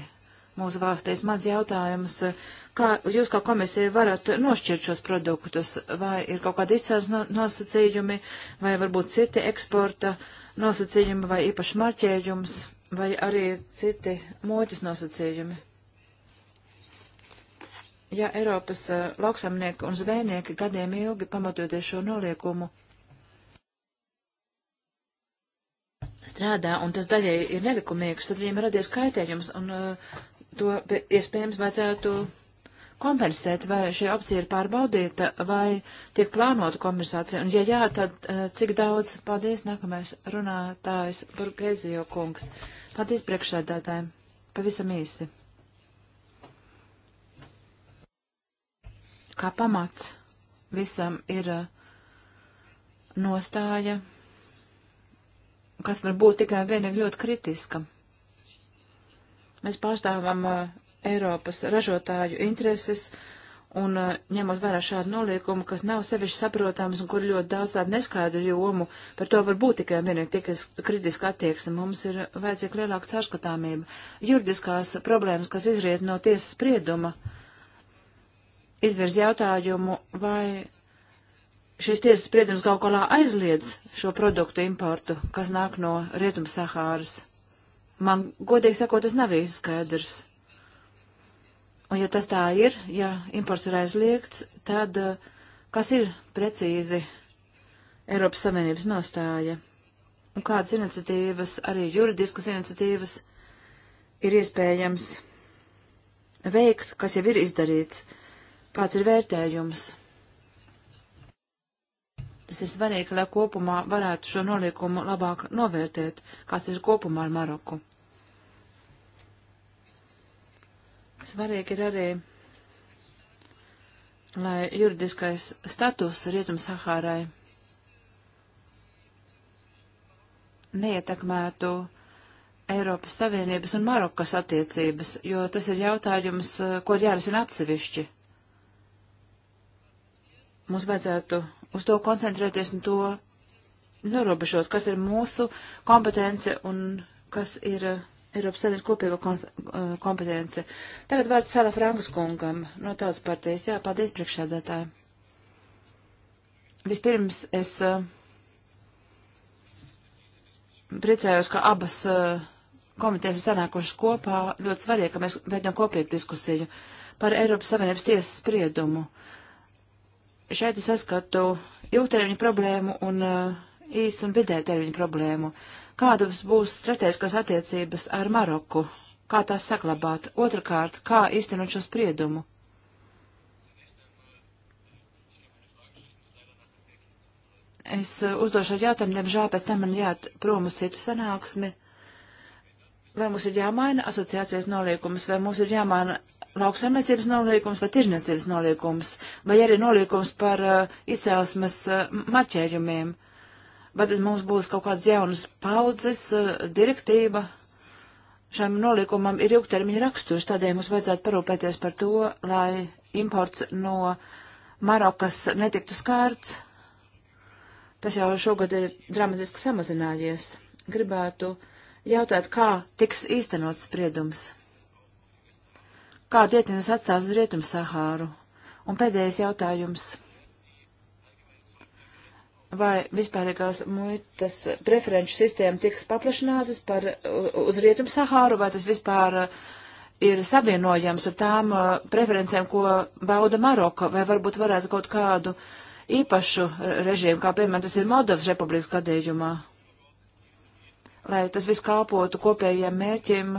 mūsu valstīs. Mans jautājums, eh, kā jūs kā komisija varat nošķirt šos produktus, vai ir kaut kādi izcēlus nosacījumi, vai varbūt citi eksporta nosacījumi, vai īpaši marķējums, vai arī citi muitas nosacījumi? Ja Eiropas eh, lauksamnieki un zvejnieki gadiem ilgi pamatoties šo noliekumu strādā, un tas daļai ir nelikumīgs, tad viņiem radies kaitējums, un uh, to iespējams vajadzētu kompensēt, vai šī opcija ir pārbaudīta, vai tiek plānota kompensācija, un ja jā, tad eh, cik daudz, paldies, nākamais runātājs Burgezijo kungs. Paldies priekšsēdētājiem, pavisam īsi. Kā pamats visam ir eh, nostāja, kas var būt tikai vienīgi ļoti kritiska. Mēs pārstāvam uh, Eiropas ražotāju intereses un uh, ņemot vērā šādu noliekumu, kas nav sevišķi saprotams un kur ļoti daudz tādu neskaidru jomu, par to var būt tikai vienīgi tikai kritiska attieksme. Mums ir vajadzīga lielāka caurskatāmība. Juridiskās problēmas, kas izriet no tiesas sprieduma, izvirz jautājumu, vai šīs tiesas spriedums kaut kādā aizliedz šo produktu importu, kas nāk no Rietumas Sahāras. Man, godīgi sakot, tas nav īsti skaidrs. Un ja tas tā ir, ja imports ir aizliegts, tad eh, kas ir precīzi Eiropas Savienības nostāja? Un kādas iniciatīvas, arī juridiskas iniciatīvas, ir iespējams veikt, kas jau ir izdarīts? Kāds ir vērtējums? Tas ir svarīgi, lai kopumā varētu šo noliekumu labāk novērtēt, kas ir kopumā ar Maroku. Svarīgi ir arī, lai juridiskais status Rietum-Sahārai neietekmētu Eiropas Savienības un Marokas attiecības, jo tas ir jautājums, eh, ko ir jārisina atsevišķi. Mums vajadzētu uz to koncentrēties un to norobežot, kas ir mūsu kompetence un kas ir eh, Eiropas Savienības kopīgo uh, kompetence. Tagad vārds Sala Frankas kungam no tautas partijas. Jā, paldies priekšsēdētāji. Vispirms es uh, priecājos, ka abas uh, komitejas ir sanākušas kopā. Ļoti svarīgi, ka mēs veidām kopīgu diskusiju par Eiropas Savienības tiesas spriedumu. Šeit es saskatu ilgtermiņu problēmu un uh, īsu un vidē termiņu problēmu. Uh, Kādas būs strateģiskas attiecības ar Maroku? Kā tās saglabāt? Otrakārt, kā īstenot šo spriedumu? Es uh, uzdošu jautājumu, diemžēl pēc tam man jāt prom uz citu sanāksmi. Vai mums ir jāmaina asociācijas nolīkums, vai mums ir jāmaina lauksaimniecības nolīkums vai tirniecības nolīkums, vai arī nolīkums par uh, izcēlesmes uh, marķējumiem? Uh, Vai tad mums būs kaut kāds jaunas paudzes eh, direktīva? Šiem nolikumam ir ilgtermiņa raksturs, tādēļ mums vajadzētu parūpēties par to, lai imports no Marokas netiktu skārts. Tas jau šogad ir dramatiski samazinājies. Gribētu jautāt, kā tiks īstenot spriedums. Kādu ietinu atstās uz Rietumu Sahāru? Un pēdējais jautājums vai vispārīgās muitas preferenču sistēma tiks paplašinātas par, uz Rietumu Sahāru, vai tas vispār uh, ir savienojams ar tām uh, preferencēm, ko bauda Maroka, vai varbūt varētu kaut kādu īpašu režīmu, kā piemēram tas ir Moldovas republikas gadījumā, lai tas viss kalpotu kopējiem mērķiem,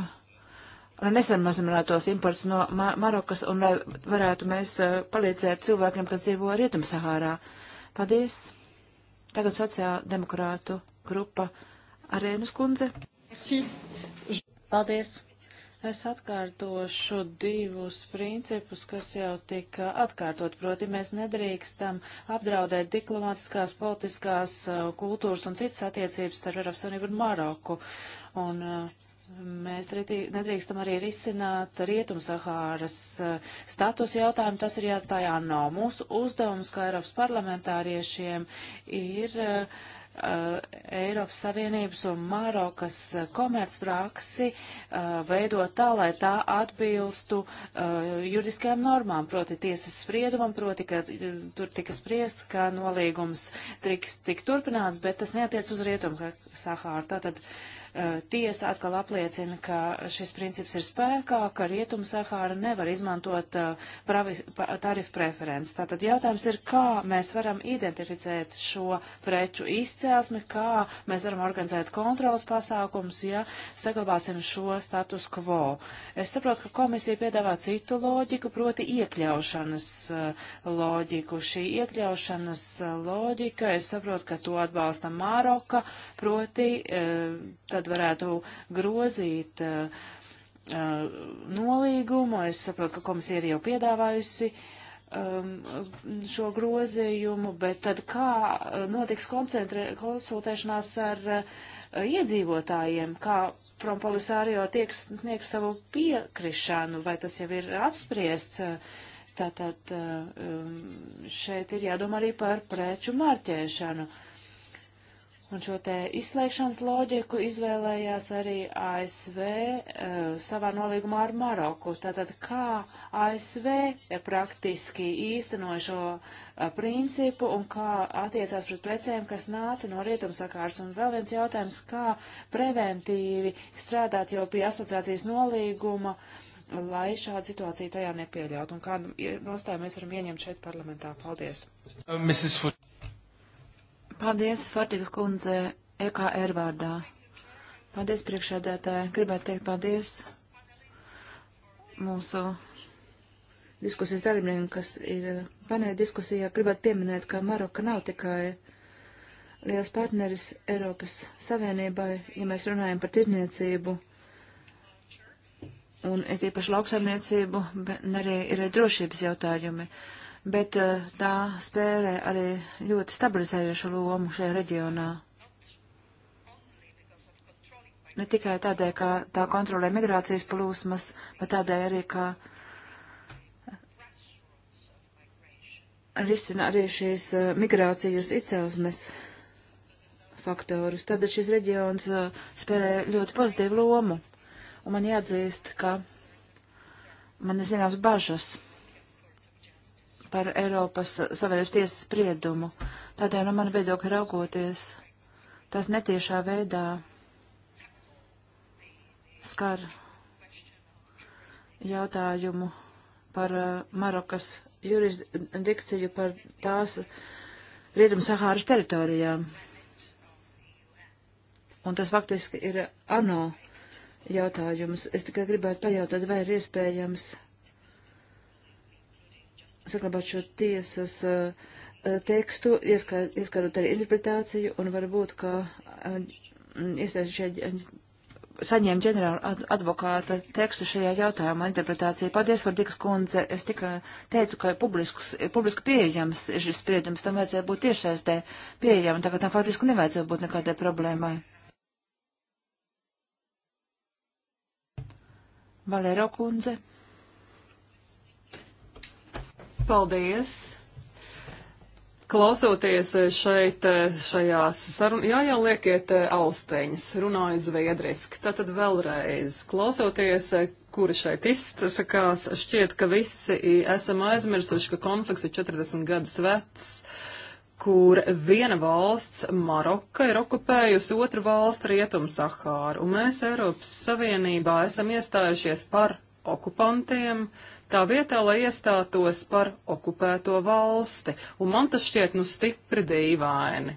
lai nesamazinātos imports no Ma Marokas un lai varētu mēs uh, palīdzēt cilvēkiem, kas dzīvo Rietumu Sahārā. Paldies! Tagad sociāldemokrātu grupa Arēnas kundze. Paldies! Es atkārtošu divus principus, kas jau tika atkārtot. Proti, mēs nedrīkstam apdraudēt diplomatiskās, politiskās, uh, kultūras un citas attiecības starp Eiropas Savienību un Maroku. Un, uh, Mēs nedrīkstam arī risināt Rietumsahāras eh, status jautājumu, tas ir jāatstāj ANO. Mūsu uzdevums kā Eiropas parlamentāriešiem ir uh, Eiropas Savienības un Marokas eh, komercpraksi uh, veidot tā, lai tā atbilstu uh, juridiskajām normām, proti tiesas spriedumam, proti, ka tur tika spriests, ka nolīgums tiks tik turpināts, bet tas neatiec uz Rietumu Sahāru. Tātad, uh, tiesa atkal apliecina, ka šis princips ir spēkā, ka Rietumu Sahāra nevar izmantot pravi, tarifu preferences. Tātad jautājums ir, kā mēs varam identificēt šo preču izcelsmi, kā mēs varam organizēt kontrolas pasākums, ja saglabāsim šo status quo. Es saprotu, ka komisija piedāvā citu loģiku, proti iekļaušanas loģiku. Šī iekļaušanas loģika, es saprotu, ka to atbalsta Maroka, proti tad tad varētu grozīt uh, nolīgumu. Es saprotu, ka komisija ir jau piedāvājusi um, šo grozījumu, bet tad kā notiks konsultēšanās ar uh, iedzīvotājiem, kā Prompolisārio tiek sniegs savu piekrišanu, vai tas jau ir apspriests? Tātad um, šeit ir jādomā arī par preču marķēšanu. Uh, Un šo te izslēgšanas loģiku izvēlējās arī ASV uh, e, savā nolīgumā ar Maroku. Tātad kā ASV praktiski īstenoja šo uh, principu un kā attiecās pret precēm, kas nāca no rietumsakārs. Un vēl viens jautājums, kā preventīvi strādāt jau pie asociācijas nolīguma, lai šādu situāciju tajā nepieļaut. Un kādu nostāju mēs varam ieņemt šeit parlamentā. Paldies. Uh, Paldies, Fortigas kundze, EKR vārdā. Paldies, priekšēdētāji. Gribētu teikt paldies mūsu diskusijas dalībniekiem, kas ir panē diskusijā. Gribētu pieminēt, ka Maroka nav tikai liels partneris Eiropas Savienībai, ja mēs runājam par tirniecību un ir īpaši lauksaimniecību, bet arī ir drošības jautājumi. Uh, bet eh, tā spēlē arī ļoti stabilizējušu lomu šajā reģionā. Ne tikai tādēļ, ka tā kontrolē migrācijas plūsmas, bet tādēļ arī, ka risina arī šīs eh, migrācijas izcelsmes faktorus. Tādēļ šis reģions eh, spēlē ļoti pozitīvu lomu. Un man jāatzīst, ka man ir zināmas bažas par Eiropas Savienības tiesas spriedumu. Tādēļ no mana viedokļa raugoties, tas netiešā veidā skar jautājumu par uh, Marokas jurisdikciju par tās Rietum-Sahāras teritorijām. Un tas faktiski ir ANO jautājums. Es tikai gribētu pajautāt, vai ir iespējams saglabāt šo tiesas uh, tekstu, ieskar, ieskarot arī interpretāciju, un varbūt, ka uh, eh, iesaistīt šeit eh, saņēma ģenerāla advokāta tekstu šajā jautājumā interpretācija. Paldies, Vardikas kundze, es tikai teicu, ka publisks, publiski pieejams ir šis spriedums, tam vajadzēja būt tiešsaistē pieejam, tā kā tam faktiski nevajadzēja būt nekādai problēmai. Valero kundze paldies! Klausoties eh, šeit, eh, šajās sarunās, jā, jau liekiet eh, austeņas, runāju zviedriski. Tātad vēlreiz, klausoties, kuri šeit izsakās, šķiet, ka visi esam aizmirsuši, ka konflikts ir 40 gadus vecs, kur viena valsts, Maroka, ir okupējusi otru valstu rietumu Sahāru, un mēs Eiropas Savienībā esam iestājušies par okupantiem, uh, tā vietā, lai iestātos par okupēto valsti, un man tas šķiet nu stipri dīvaini.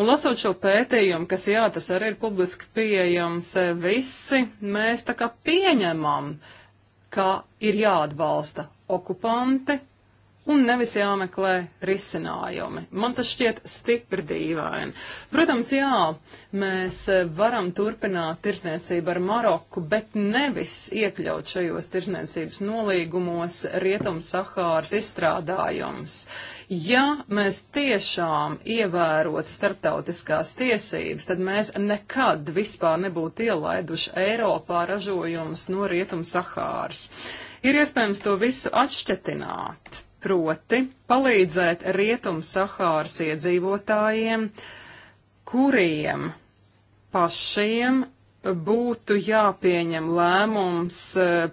Un lasot šo pētījumu, kas jā, tas arī ir publiski pieejams, e, visi mēs tā kā pieņemam, ka ir jāatbalsta okupanti un nevis jāmeklē risinājumi. Man tas šķiet stipri dīvaini. Protams, jā, mēs varam turpināt tirzniecību ar Maroku, bet nevis iekļaut šajos tirzniecības nolīgumos Rietum-Sahāras izstrādājums. Ja mēs tiešām ievērotu starptautiskās tiesības, tad mēs nekad vispār nebūtu ielaiduši Eiropā ražojumus no Rietum-Sahāras. Ir iespējams to visu atšķetināt proti palīdzēt Rietum Sahāras iedzīvotājiem, kuriem pašiem būtu jāpieņem lēmums, eh,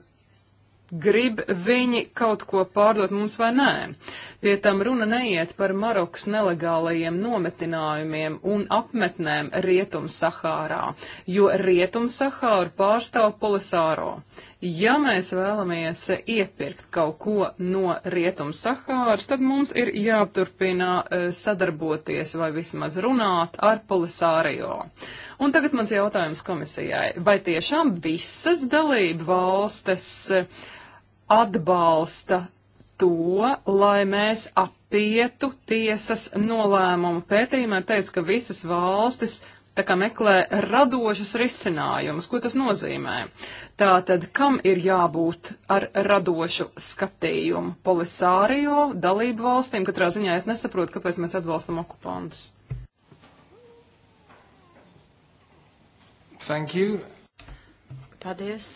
grib viņi kaut ko pārdot mums vai nē. Pie tam runa neiet par Marokas nelegālajiem nometinājumiem un apmetnēm Rietum Sahārā, jo Rietum Sahāru pārstāv Polisāro. Ja mēs vēlamies iepirkt kaut ko no Rietum Sahāras, tad mums ir jāturpina e, sadarboties vai vismaz runāt ar Polisārio. Un tagad mans jautājums komisijai. Vai tiešām visas dalība valstis e, atbalsta to, lai mēs apietu tiesas nolēmumu pētījumā teica, ka visas valstis tā kā meklē radošus risinājumus. Ko tas nozīmē? Tātad, kam ir jābūt ar radošu skatījumu? Polisārio, dalību valstīm, katrā ziņā es nesaprotu, kāpēc mēs atbalstam okupantus. Thank you. Paldies.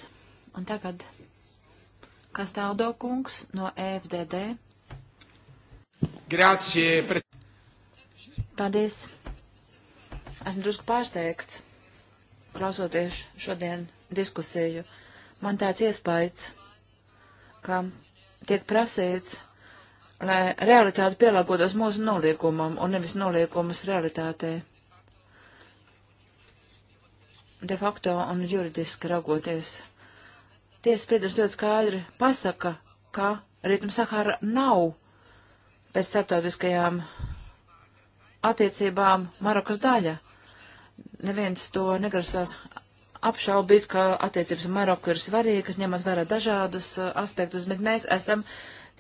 Un tagad Kastaldo kungs no EFDD. Grazie. Paldies. Esmu drusku pārsteigts, klausoties šodien diskusiju. Man tāds iespējas, ka tiek prasīts, lai realitāte pielāgotos mūsu noliekumam un nevis noliekumus realitātei. De facto un juridiski raugoties. Tiesa spriedums ļoti skaidri pasaka, ka Rietum Sahara nav pēc starptautiskajām attiecībām Marokas daļa neviens to negrasās apšaubīt, ka attiecības ar Maroku ir svarīgas, ņemot vērā dažādus uh, aspektus, bet mēs esam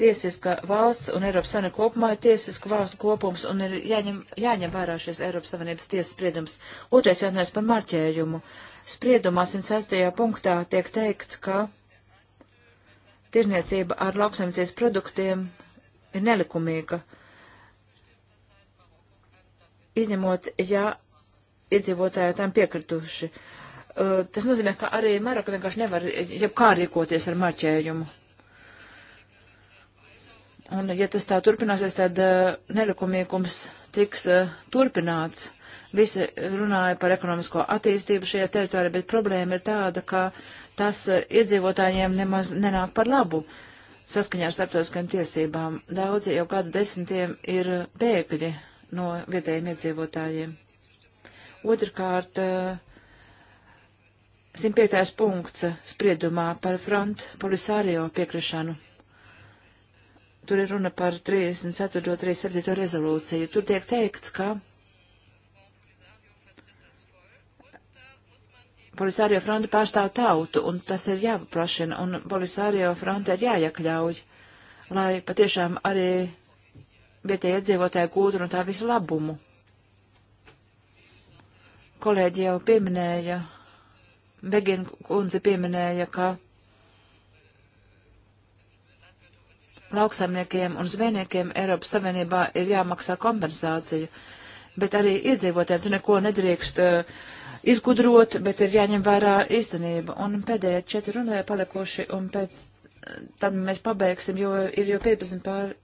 tiesiska valsts un Eiropas Savienība kopumā ir tiesiska valsts kopums un ir jāņem, jāņem vērā šis Eiropas Savienības tiesas spriedums. Otrais jautājums par marķējumu. Spriedumā 106. punktā tiek teikts, ka tirzniecība ar lauksaimniecības produktiem ir nelikumīga. Izņemot, ja iedzīvotāji tam piekrituši. Uh, tas nozīmē, ka arī Maroka vienkārši nevar jebkā rīkoties ar marķējumu. Un ja tas tā turpināsies, tad uh, nelikumīgums tiks uh, turpināts. Visi runāja par ekonomisko attīstību šajā teritorijā, bet problēma ir tāda, ka tas uh, iedzīvotājiem nemaz nenāk par labu. Saskaņā ar starptautiskajām tiesībām daudzi jau gadu desmitiem ir bēgļi no vietējiem iedzīvotājiem. Otrkārt, 105. Eh, punkts spriedumā par front polisārio piekrišanu. Tur ir runa par 34. un 37. rezolūciju. Tur tiek teikts, ka Polisārio fronte pārstāv tautu, un tas ir jāpaplašina, un Polisārio fronte ir jāiekļauj, lai patiešām arī vietējie iedzīvotāji gūtu no tā visu labumu. Kolēģi jau pieminēja, Begina kundze pieminēja, ka lauksaimniekiem un zvejniekiem Eiropas Savienībā ir jāmaksā kompensāciju, bet arī iedzīvotēm tu neko nedrīkst uh, izgudrot, bet ir jāņem vērā īstenība. Un pēdējie četri runāja palikuši, un pēc eh, tad mēs pabeigsim, jo ir jau 15 pār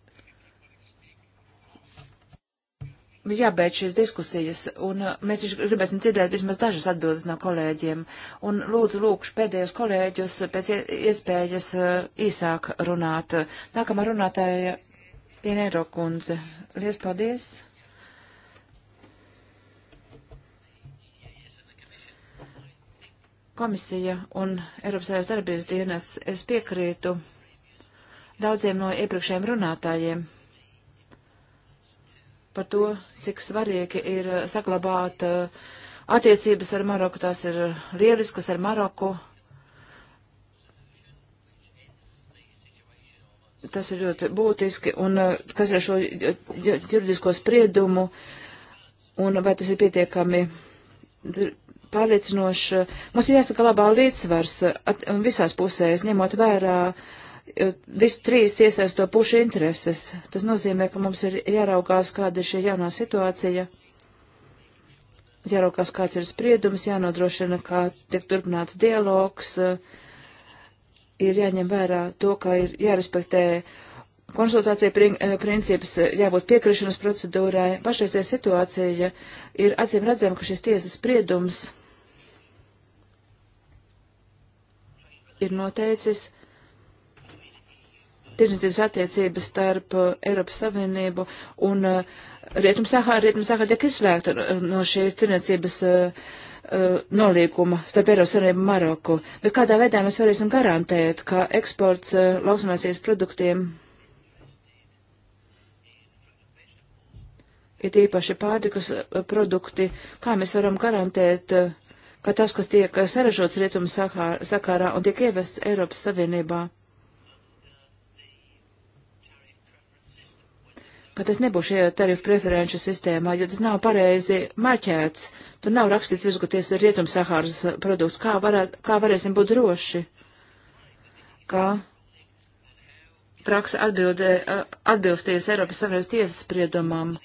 jābeidz šīs diskusijas, un uh, mēs gribēsim dzirdēt vismaz dažas atbildes no kolēģiem. Un lūdzu, lūkšu pēdējos kolēģus pēc iespējas uh, īsāk runāt. Nākamā runātāja Pienēro kundze. Lies paldies! Komisija un Eiropas Savienības darbības dienas es piekrītu daudziem no iepriekšējiem runātājiem par to, cik svarīgi ir uh, saglabāt uh, attiecības ar Maroku. Tās ir lieliskas ar Maroku. Tas ir ļoti būtiski. Un uh, kas ir šo juridisko spriedumu un vai tas ir pietiekami pārliecinoši? Mums ir jāsaka labā līdzsvars visās pusēs, ņemot vērā uh, visu trīs iesaisto pušu intereses. Tas nozīmē, ka mums ir jāraugās, kāda ir šī jaunā situācija, jāraugās, kāds ir spriedums, jānodrošina, kā tiek turpināts dialogs, ir jāņem vērā to, ka ir jārespektē konsultācija prin eh, princips, jābūt piekrišanas procedūrai. Pašreizē situācija ir acīm redzama, ka šis tiesas spriedums ir noteicis, tirdzniecības attiecības starp uh, Eiropas Savienību un Rietumsahāra. Rietumsahāra tiek izslēgta uh, no šīs tirdzniecības uh, nolīguma starp Eiropas Savienību un Maroku. Bet kādā veidā mēs varēsim garantēt, ka eksports lausumācijas produktiem ir īpaši pārtikas produkti, kā mēs varam garantēt, ka tas, kas tiek saražots Rietumu Sahārā un tiek ievests Eiropas Savienībā, ka tas nebūs šajā tarifu preferenču sistēmā, jo tas nav pareizi marķēts. Tur nav rakstīts izgoties ar rietum Sahāras eh, produkts. Kā, varēt, kā varēsim būt droši? Kā praksa atbildē, atbilsties Eiropas Savienības tiesas spriedumam.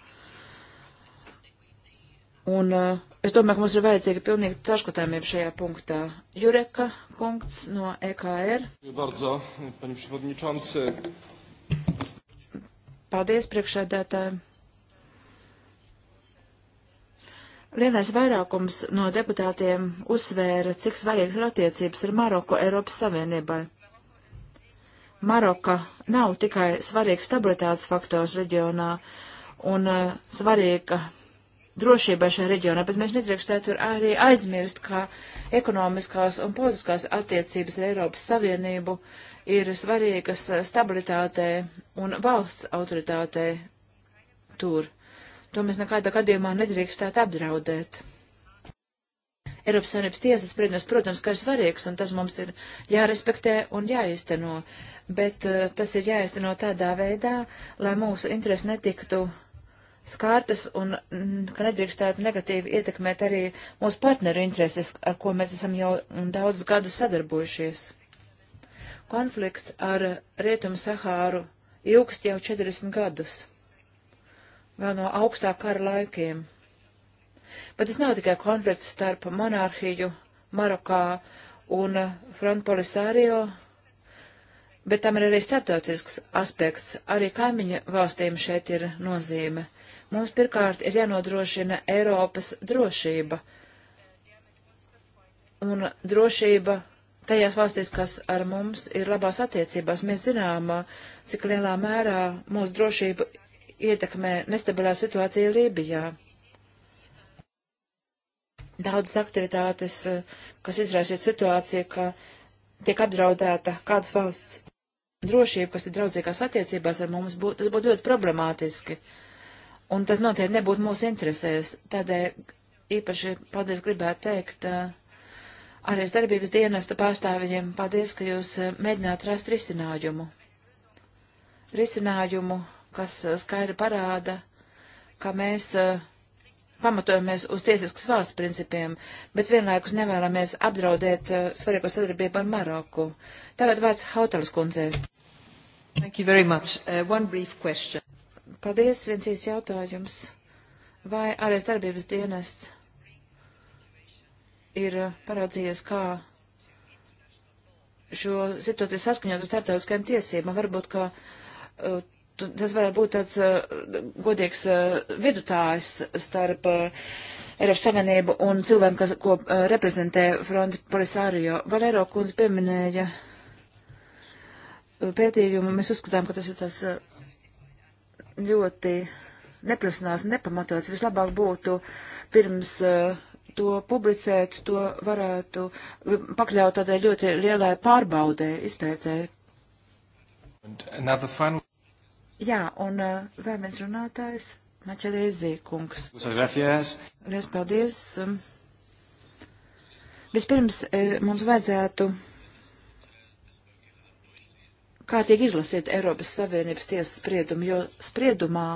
Un uh, es domāju, ka mums ir vajadzīga pilnīga caškotāmība šajā punktā. Jureka punkts no EKR. Bardzo, Paldies priekšsēdētājiem. Lielais vairākums no deputātiem uzsvēra, cik svarīgs ir attiecības ar Maroku Eiropas Savienībai. Maroka nav tikai svarīgs stabilitātes faktors reģionā un uh, svarīga drošībai šajā reģionā, bet mēs nedrīkstētu arī aizmirst, ka ekonomiskās un politiskās attiecības ar Eiropas Savienību ir svarīgas stabilitātē un valsts autoritātē tur. To mēs nekādā gadījumā nedrīkstētu apdraudēt. Eiropas Savienības tiesas spriedums, protams, ka ir svarīgs, un tas mums ir jārespektē un jāizteno, bet uh, tas ir jāizteno tādā veidā, lai mūsu interesi netiktu uh, skārtas un mm, ka nedrīkstētu negatīvi ietekmēt arī mūsu partneru intereses, ar ko mēs esam jau daudzus gadus sadarbojušies. Konflikts ar Rietumu Sahāru ilgst jau 40 gadus, vēl no augstā kara laikiem. Bet tas nav tikai konflikts starp monarhiju Marokā un Front Polisario bet tam ir arī starptautisks aspekts. Arī kaimiņu valstīm šeit ir nozīme. Mums pirmkārt ir jānodrošina Eiropas drošība. Un drošība tajās valstīs, kas ar mums ir labās attiecībās. Mēs zinām, cik lielā mērā mūsu drošība ietekmē nestabilā situācija Lībijā. Daudzas aktivitātes, eh, kas izraisīja situāciju, ka tiek apdraudēta kādas valsts drošību, kas ir draudzīgās attiecībās ar mums, būt, tas būtu ļoti problemātiski. Un tas noteikti nebūtu mūsu interesēs. Tādēļ īpaši paldies gribētu teikt uh, arī darbības dienesta pārstāvjiem. Paldies, ka jūs uh, mēģināt rast risinājumu. Risinājumu, kas uh, skaidri parāda, ka mēs uh, pamatojamies uz tiesiskas valsts principiem, bet vienlaikus nevēlamies apdraudēt uh, svarīgo sadarbību ar Maroku. Tagad vārds Hautalas kundzei. Thank you very much. Uh, one brief question. Paldies, viens īs jautājums. Vai ārējais darbības dienests ir uh, parādzījies, kā šo situāciju saskaņot ar starptautiskajām tiesībām? Varbūt, ka uh, tas varētu būt tāds uh, godīgs uh, vidutājs starp uh, Eiropas Savienību un cilvēkiem, kas, ko uh, reprezentē Fronti Polisārio. Valero kundze pieminēja pētījumu, mēs uzskatām, ka tas ir tas uh, ļoti neplasinās un nepamatots. Vislabāk būtu pirms. Uh, to publicēt, to varētu pakļaut tādai ļoti lielai pārbaudē, izpētē. Final... Jā, un eh, vēl viens runātājs, Mačelēzī kungs. Lies paldies. Um, vispirms eh, mums vajadzētu kārtīgi izlasīt Eiropas Savienības tiesas spriedumu, jo spriedumā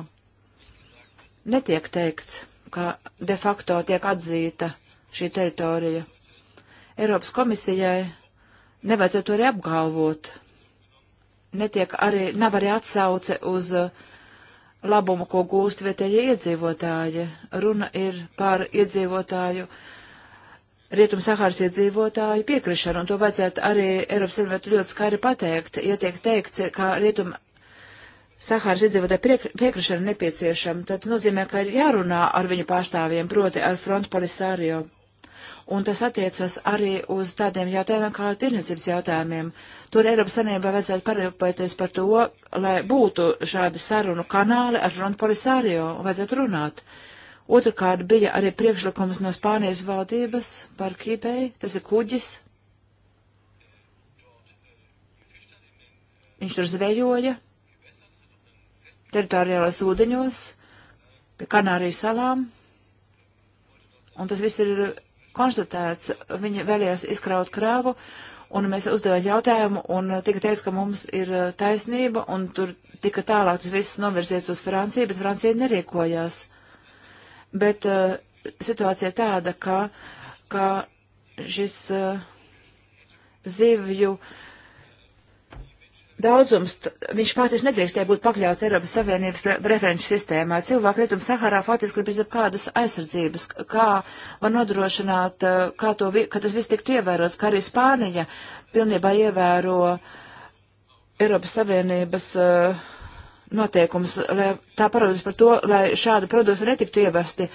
netiek teikts, ka de facto tiek atzīta šī teritorija. Eiropas komisijai nevajadzētu arī apgalvot, netiek arī, nav arī atsauce uz uh, labumu, ko gūst vietējie iedzīvotāji. Runa ir par iedzīvotāju, Rietum Sahāras iedzīvotāju piekrišanu, un to vajadzētu arī Eiropas Savienībā ļoti skaidri pateikt, ja tiek teikts, ka Rietum Sahāras iedzīvotāju piekrišana nepieciešama, tad nozīmē, ka ir jārunā ar viņu pārstāvjiem, proti ar frontpolisārio un tas attiecas arī uz tādiem jautājumiem kā tirniecības jautājumiem. Tur Eiropas Savienībā vajadzētu parūpēties par to, lai būtu šādi sarunu kanāli ar Ronu Polisārio un vajadzētu runāt. Otrakārt bija arī priekšlikums no Spānijas valdības par Kībei, tas ir kuģis. Viņš tur zvejoja teritoriālās ūdeņos pie Kanārijas salām. Un tas viss ir konstatēts, viņi vēlējās izkraut kravu, un mēs uzdevām jautājumu, un tika teiks, ka mums ir uh, taisnība, un tur tika tālāk tas viss novirzies uz Franciju, bet Francija nerīkojās. Bet uh, situācija ir tāda, ka, ka šis uh, zivju uh, daudzums, viņš faktiski nedrīkstēja būt pakļauts Eiropas Savienības pre preferenču sistēmā. Cilvēki Rietum Sahārā faktiski bez kādas aizsardzības, kā var nodrošināt, eh, kā to, ka tas viss tiktu ievērots, kā arī Spānija pilnībā ievēro Eiropas Savienības uh, noteikumus, lai tā parādās par to, lai šādi produkti netiktu ievesti. Uh,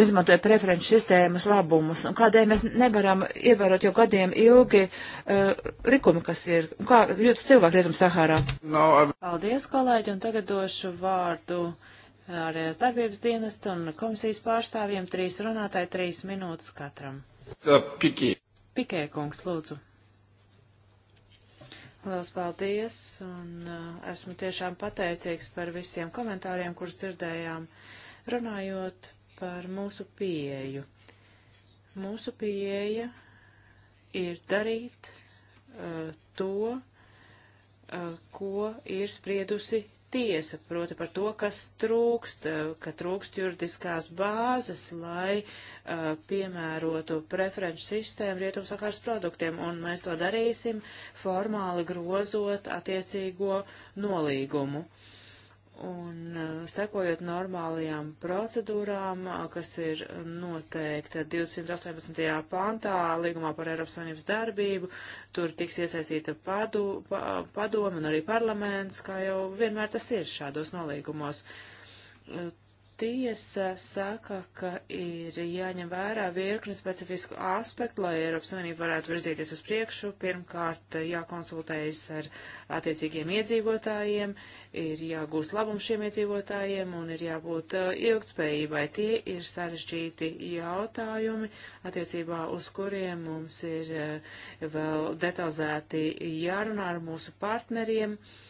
izmantoja preferenču sistēmas labumus, un kādēļ mēs nevaram ievērot jau gadiem ilgi uh, eh, likumi, kas ir, kā jūtas cilvēki Rietum Sahārā. No, ar... Paldies, kolēģi, un tagad došu vārdu eh, ārējās darbības dienesta un komisijas pārstāvjiem trīs runātāji trīs minūtes katram. Pikē. Pikē, kungs, lūdzu. Lielas paldies, un uh, esmu tiešām pateicīgs par visiem komentāriem, kurus dzirdējām runājot par mūsu pieeju. Mūsu pieeja ir darīt uh, to, uh, ko ir spriedusi tiesa, proti par to, kas trūkst, uh, ka trūkst juridiskās bāzes, lai uh, piemērotu preferenču sistēmu rietumsakārs produktiem, un mēs to darīsim formāli grozot attiecīgo nolīgumu. Uh, un eh, sekojot normālajām procedūrām, eh, kas ir noteikta 218. pantā līgumā par Eiropas Savienības darbību, tur tiks iesaistīta padu, pa, padoma un arī parlaments, kā jau vienmēr tas ir šādos nolīgumos. Eh, tiesa saka, ka ir jāņem vērā virkni specifisku aspektu, lai Eiropas Savienība varētu virzīties uz priekšu. Pirmkārt, jākonsultējas ar attiecīgiem iedzīvotājiem, ir jāgūst labums šiem iedzīvotājiem un ir jābūt uh, ilgtspējībai. Tie ir sarežģīti jautājumi, attiecībā uz kuriem mums ir uh, vēl detalizēti jārunā ar mūsu partneriem. Uh,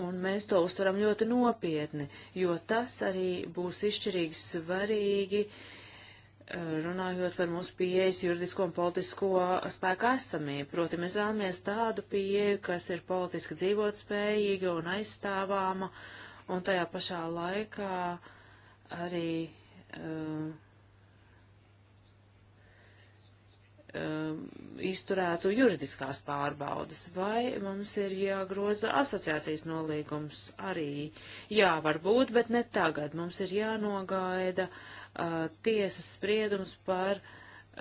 Un mēs to uztveram ļoti nopietni, jo tas arī būs izšķirīgi svarīgi, eh, runājot par mūsu pieejas juridisko un politisko spēku esamību. Proti, mēs vēlamies tādu pieeju, kas ir politiski dzīvotspējīga un aizstāvāma, un tajā pašā laikā arī uh, um, izturētu juridiskās pārbaudas, vai mums ir jāgroza asociācijas nolīgums arī. Jā, varbūt, bet ne tagad. Mums ir jānogaida uh, tiesas spriedums par uh,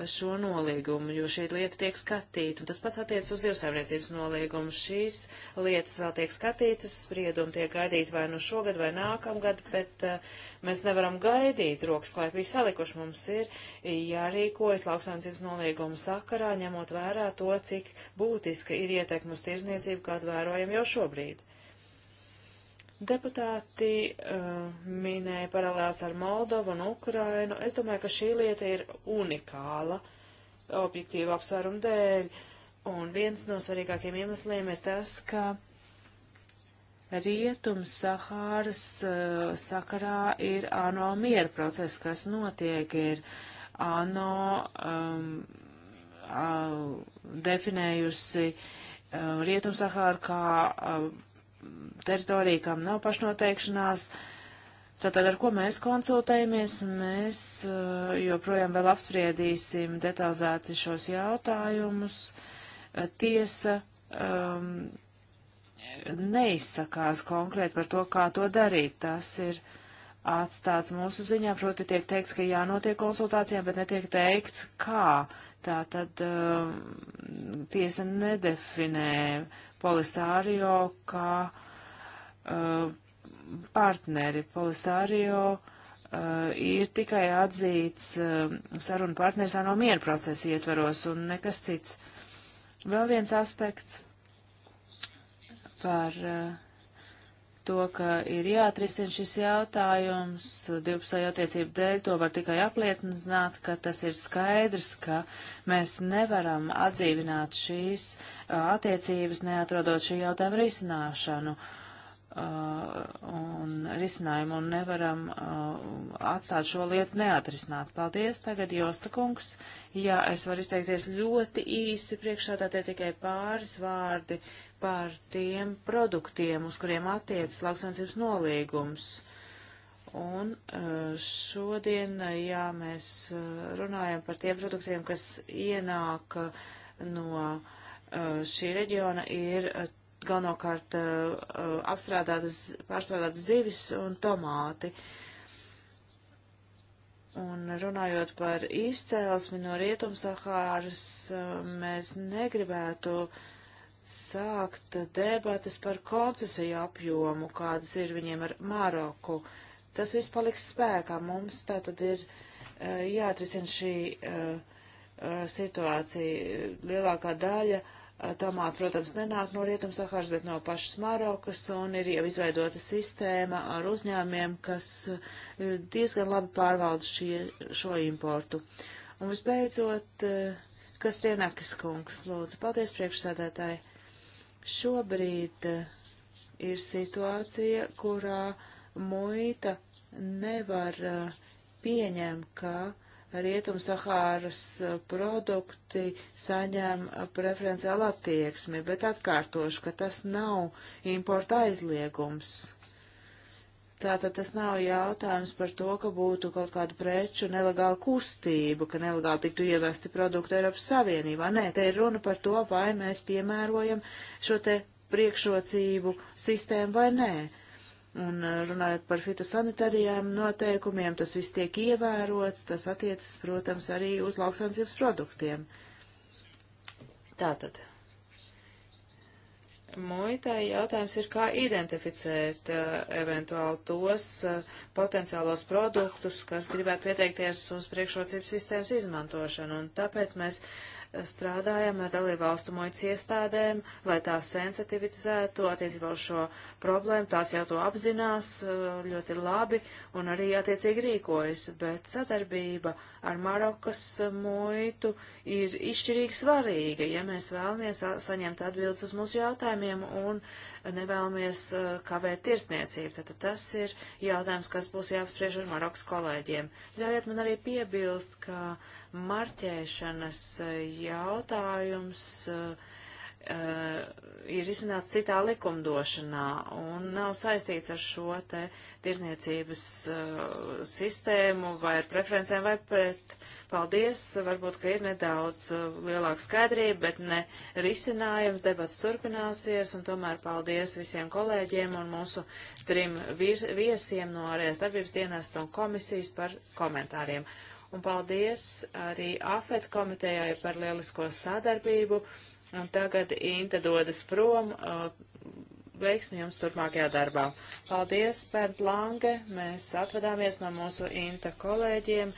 šo noliegumu, jo šī lieta tiek skatīta, un tas pats attiec uz zivsaimniecības noliegumu. Šīs lietas vēl tiek skatītas, spriedumi tiek gaidīti vai nu šogad vai nākamgad, bet uh, mēs nevaram gaidīt rokas klēpī salikuši. Mums ir jārīkojas lauksaimniecības noliegumu sakarā, ņemot vērā to, cik būtiska ir ietekme uz tirzniecību, kādu vērojam jau šobrīd. Deputāti uh, minēja paralēlās ar Moldovu un Ukrainu. Es domāju, ka šī lieta ir unikāla objektīva apsvērumu dēļ. Un viens no svarīgākiem iemesliem ir tas, ka rietums Sahāras uh, eh, sakarā ir ANO miera process, kas notiek, ir ANO um, uh, definējusi uh, eh, Rietum Sahāru kā uh, teritorija, kam nav pašnoteikšanās. Tātad ar ko mēs konsultējamies, mēs uh, joprojām vēl apspriedīsim detalizēti šos jautājumus. Uh, tiesa um, neizsakās konkrēti par to, kā to darīt. Tas ir atstāts mūsu ziņā, proti tiek teikts, ka jānotiek konsultācijām, bet netiek teikts, kā. Tātad um, tiesa nedefinē Polisārio kā uh, partneri. Polisārio uh, ir tikai atzīts uh, sarunu partneris no miera procesa ietvaros un nekas cits. Vēl viens aspekts par uh, to, ka ir jāatrisina šis jautājums divpusēju attiecību dēļ, to var tikai apliecināt, ka tas ir skaidrs, ka mēs nevaram atdzīvināt šīs attiecības, neatrodot šī jautājuma risināšanu. Uh, un risinājumu un nevaram uh, atstāt šo lietu neatrisināt. Paldies tagad, Josta kungs. Jā, es varu izteikties ļoti īsi priekšā, tātad tikai pāris vārdi par tiem produktiem, uz kuriem attiecas lauksaimniecības nolīgums. Un eh, šodien, eh, jā, mēs eh, runājam par tiem produktiem, kas ienāk no šī reģiona, ir galvenokārt apstrādātas, pārstrādātas zivis un tomāti. Un runājot par izcēlesmi no Rietumsahāras, mēs negribētu uh, sākt debatas par koncesiju apjomu, kādas ir viņiem ar Maroku. Tas viss paliks spēkā. Mums tā tad ir uh, jāatrisina šī uh, uh, situācija. Lielākā daļa tomātu, protams, nenāk no Rietums Sahāras, bet no pašas Marokas, un ir jau izveidota sistēma ar uzņēmiem, kas diezgan labi pārvalda šie, šo importu. Un visbeidzot, Kastrinakis kungs, lūdzu, paldies priekšsēdētāji. Šobrīd eh, ir situācija, kurā muita nevar eh, pieņemt, ka Rietumsahāras eh, produkti saņem preferenciālu attieksmi, bet atkārtošu, ka tas nav importa aizliegums. Tātad tas nav jautājums par to, ka būtu kaut kāda preču nelegāla kustība, ka nelegāli tiktu ievesti produkti Eiropas Savienībā. Nē, te ir runa par to, vai mēs piemērojam šo te priekšrocību sistēmu vai nē. Un uh, runājot par fitosanitarijām noteikumiem, tas viss tiek ievērots, tas attiecas, protams, arī uz lauksaimniecības produktiem. Tātad muitai jautājums ir, kā identificēt uh, eventuāli tos uh, potenciālos produktus, kas gribētu pieteikties uz priekšrocības sistēmas izmantošanu. Un tāpēc mēs strādājam ar dalībvalstu mojas iestādēm, lai tās sensitivizētu attiecībā uz šo problēmu. Tās jau to apzinās eh, ļoti labi un arī attiecīgi rīkojas, bet sadarbība ar Marokas muitu ir izšķirīgi svarīga, ja mēs vēlamies saņemt atbildes uz mūsu jautājumiem un nevēlamies eh, kavēt tirsniecību. Tad tas ir jautājums, kas būs jāapspriež ar Marokas kolēģiem. Ļaujiet man arī piebilst, ka uh, marķēšanas eh, jautājums eh, eh, ir izcināts citā likumdošanā un nav saistīts ar šo te tirzniecības sistēmu vai ar preferencēm vai pret. Paldies, varbūt, ka ir nedaudz lielāka skaidrība, bet ne risinājums, debats turpināsies, un tomēr paldies visiem kolēģiem un mūsu trim viesiem no ārējās darbības dienesta un komisijas par komentāriem un paldies arī AFET komitejai par lielisko sadarbību. Un tagad Inta dodas prom. Uh, veiksmi jums turpmākajā darbā. Paldies, Pērt Lange. Mēs atvadāmies no mūsu Inta kolēģiem.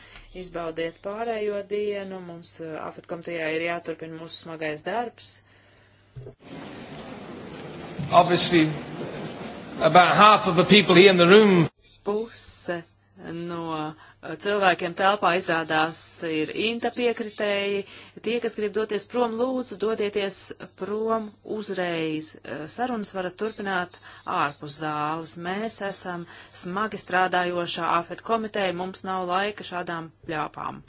Izbaudiet pārējo dienu. Mums uh, AFET komitejā ir jāturpina mūsu smagais darbs. Obviously, about half of the people here in the room. Puse no cilvēkiem telpā izrādās ir inta piekritēji. Tie, kas grib doties prom, lūdzu, dodieties prom uzreiz. Sarunas varat turpināt ārpus zāles. Mēs esam smagi strādājošā AFET komiteja, mums nav laika šādām pļāpām.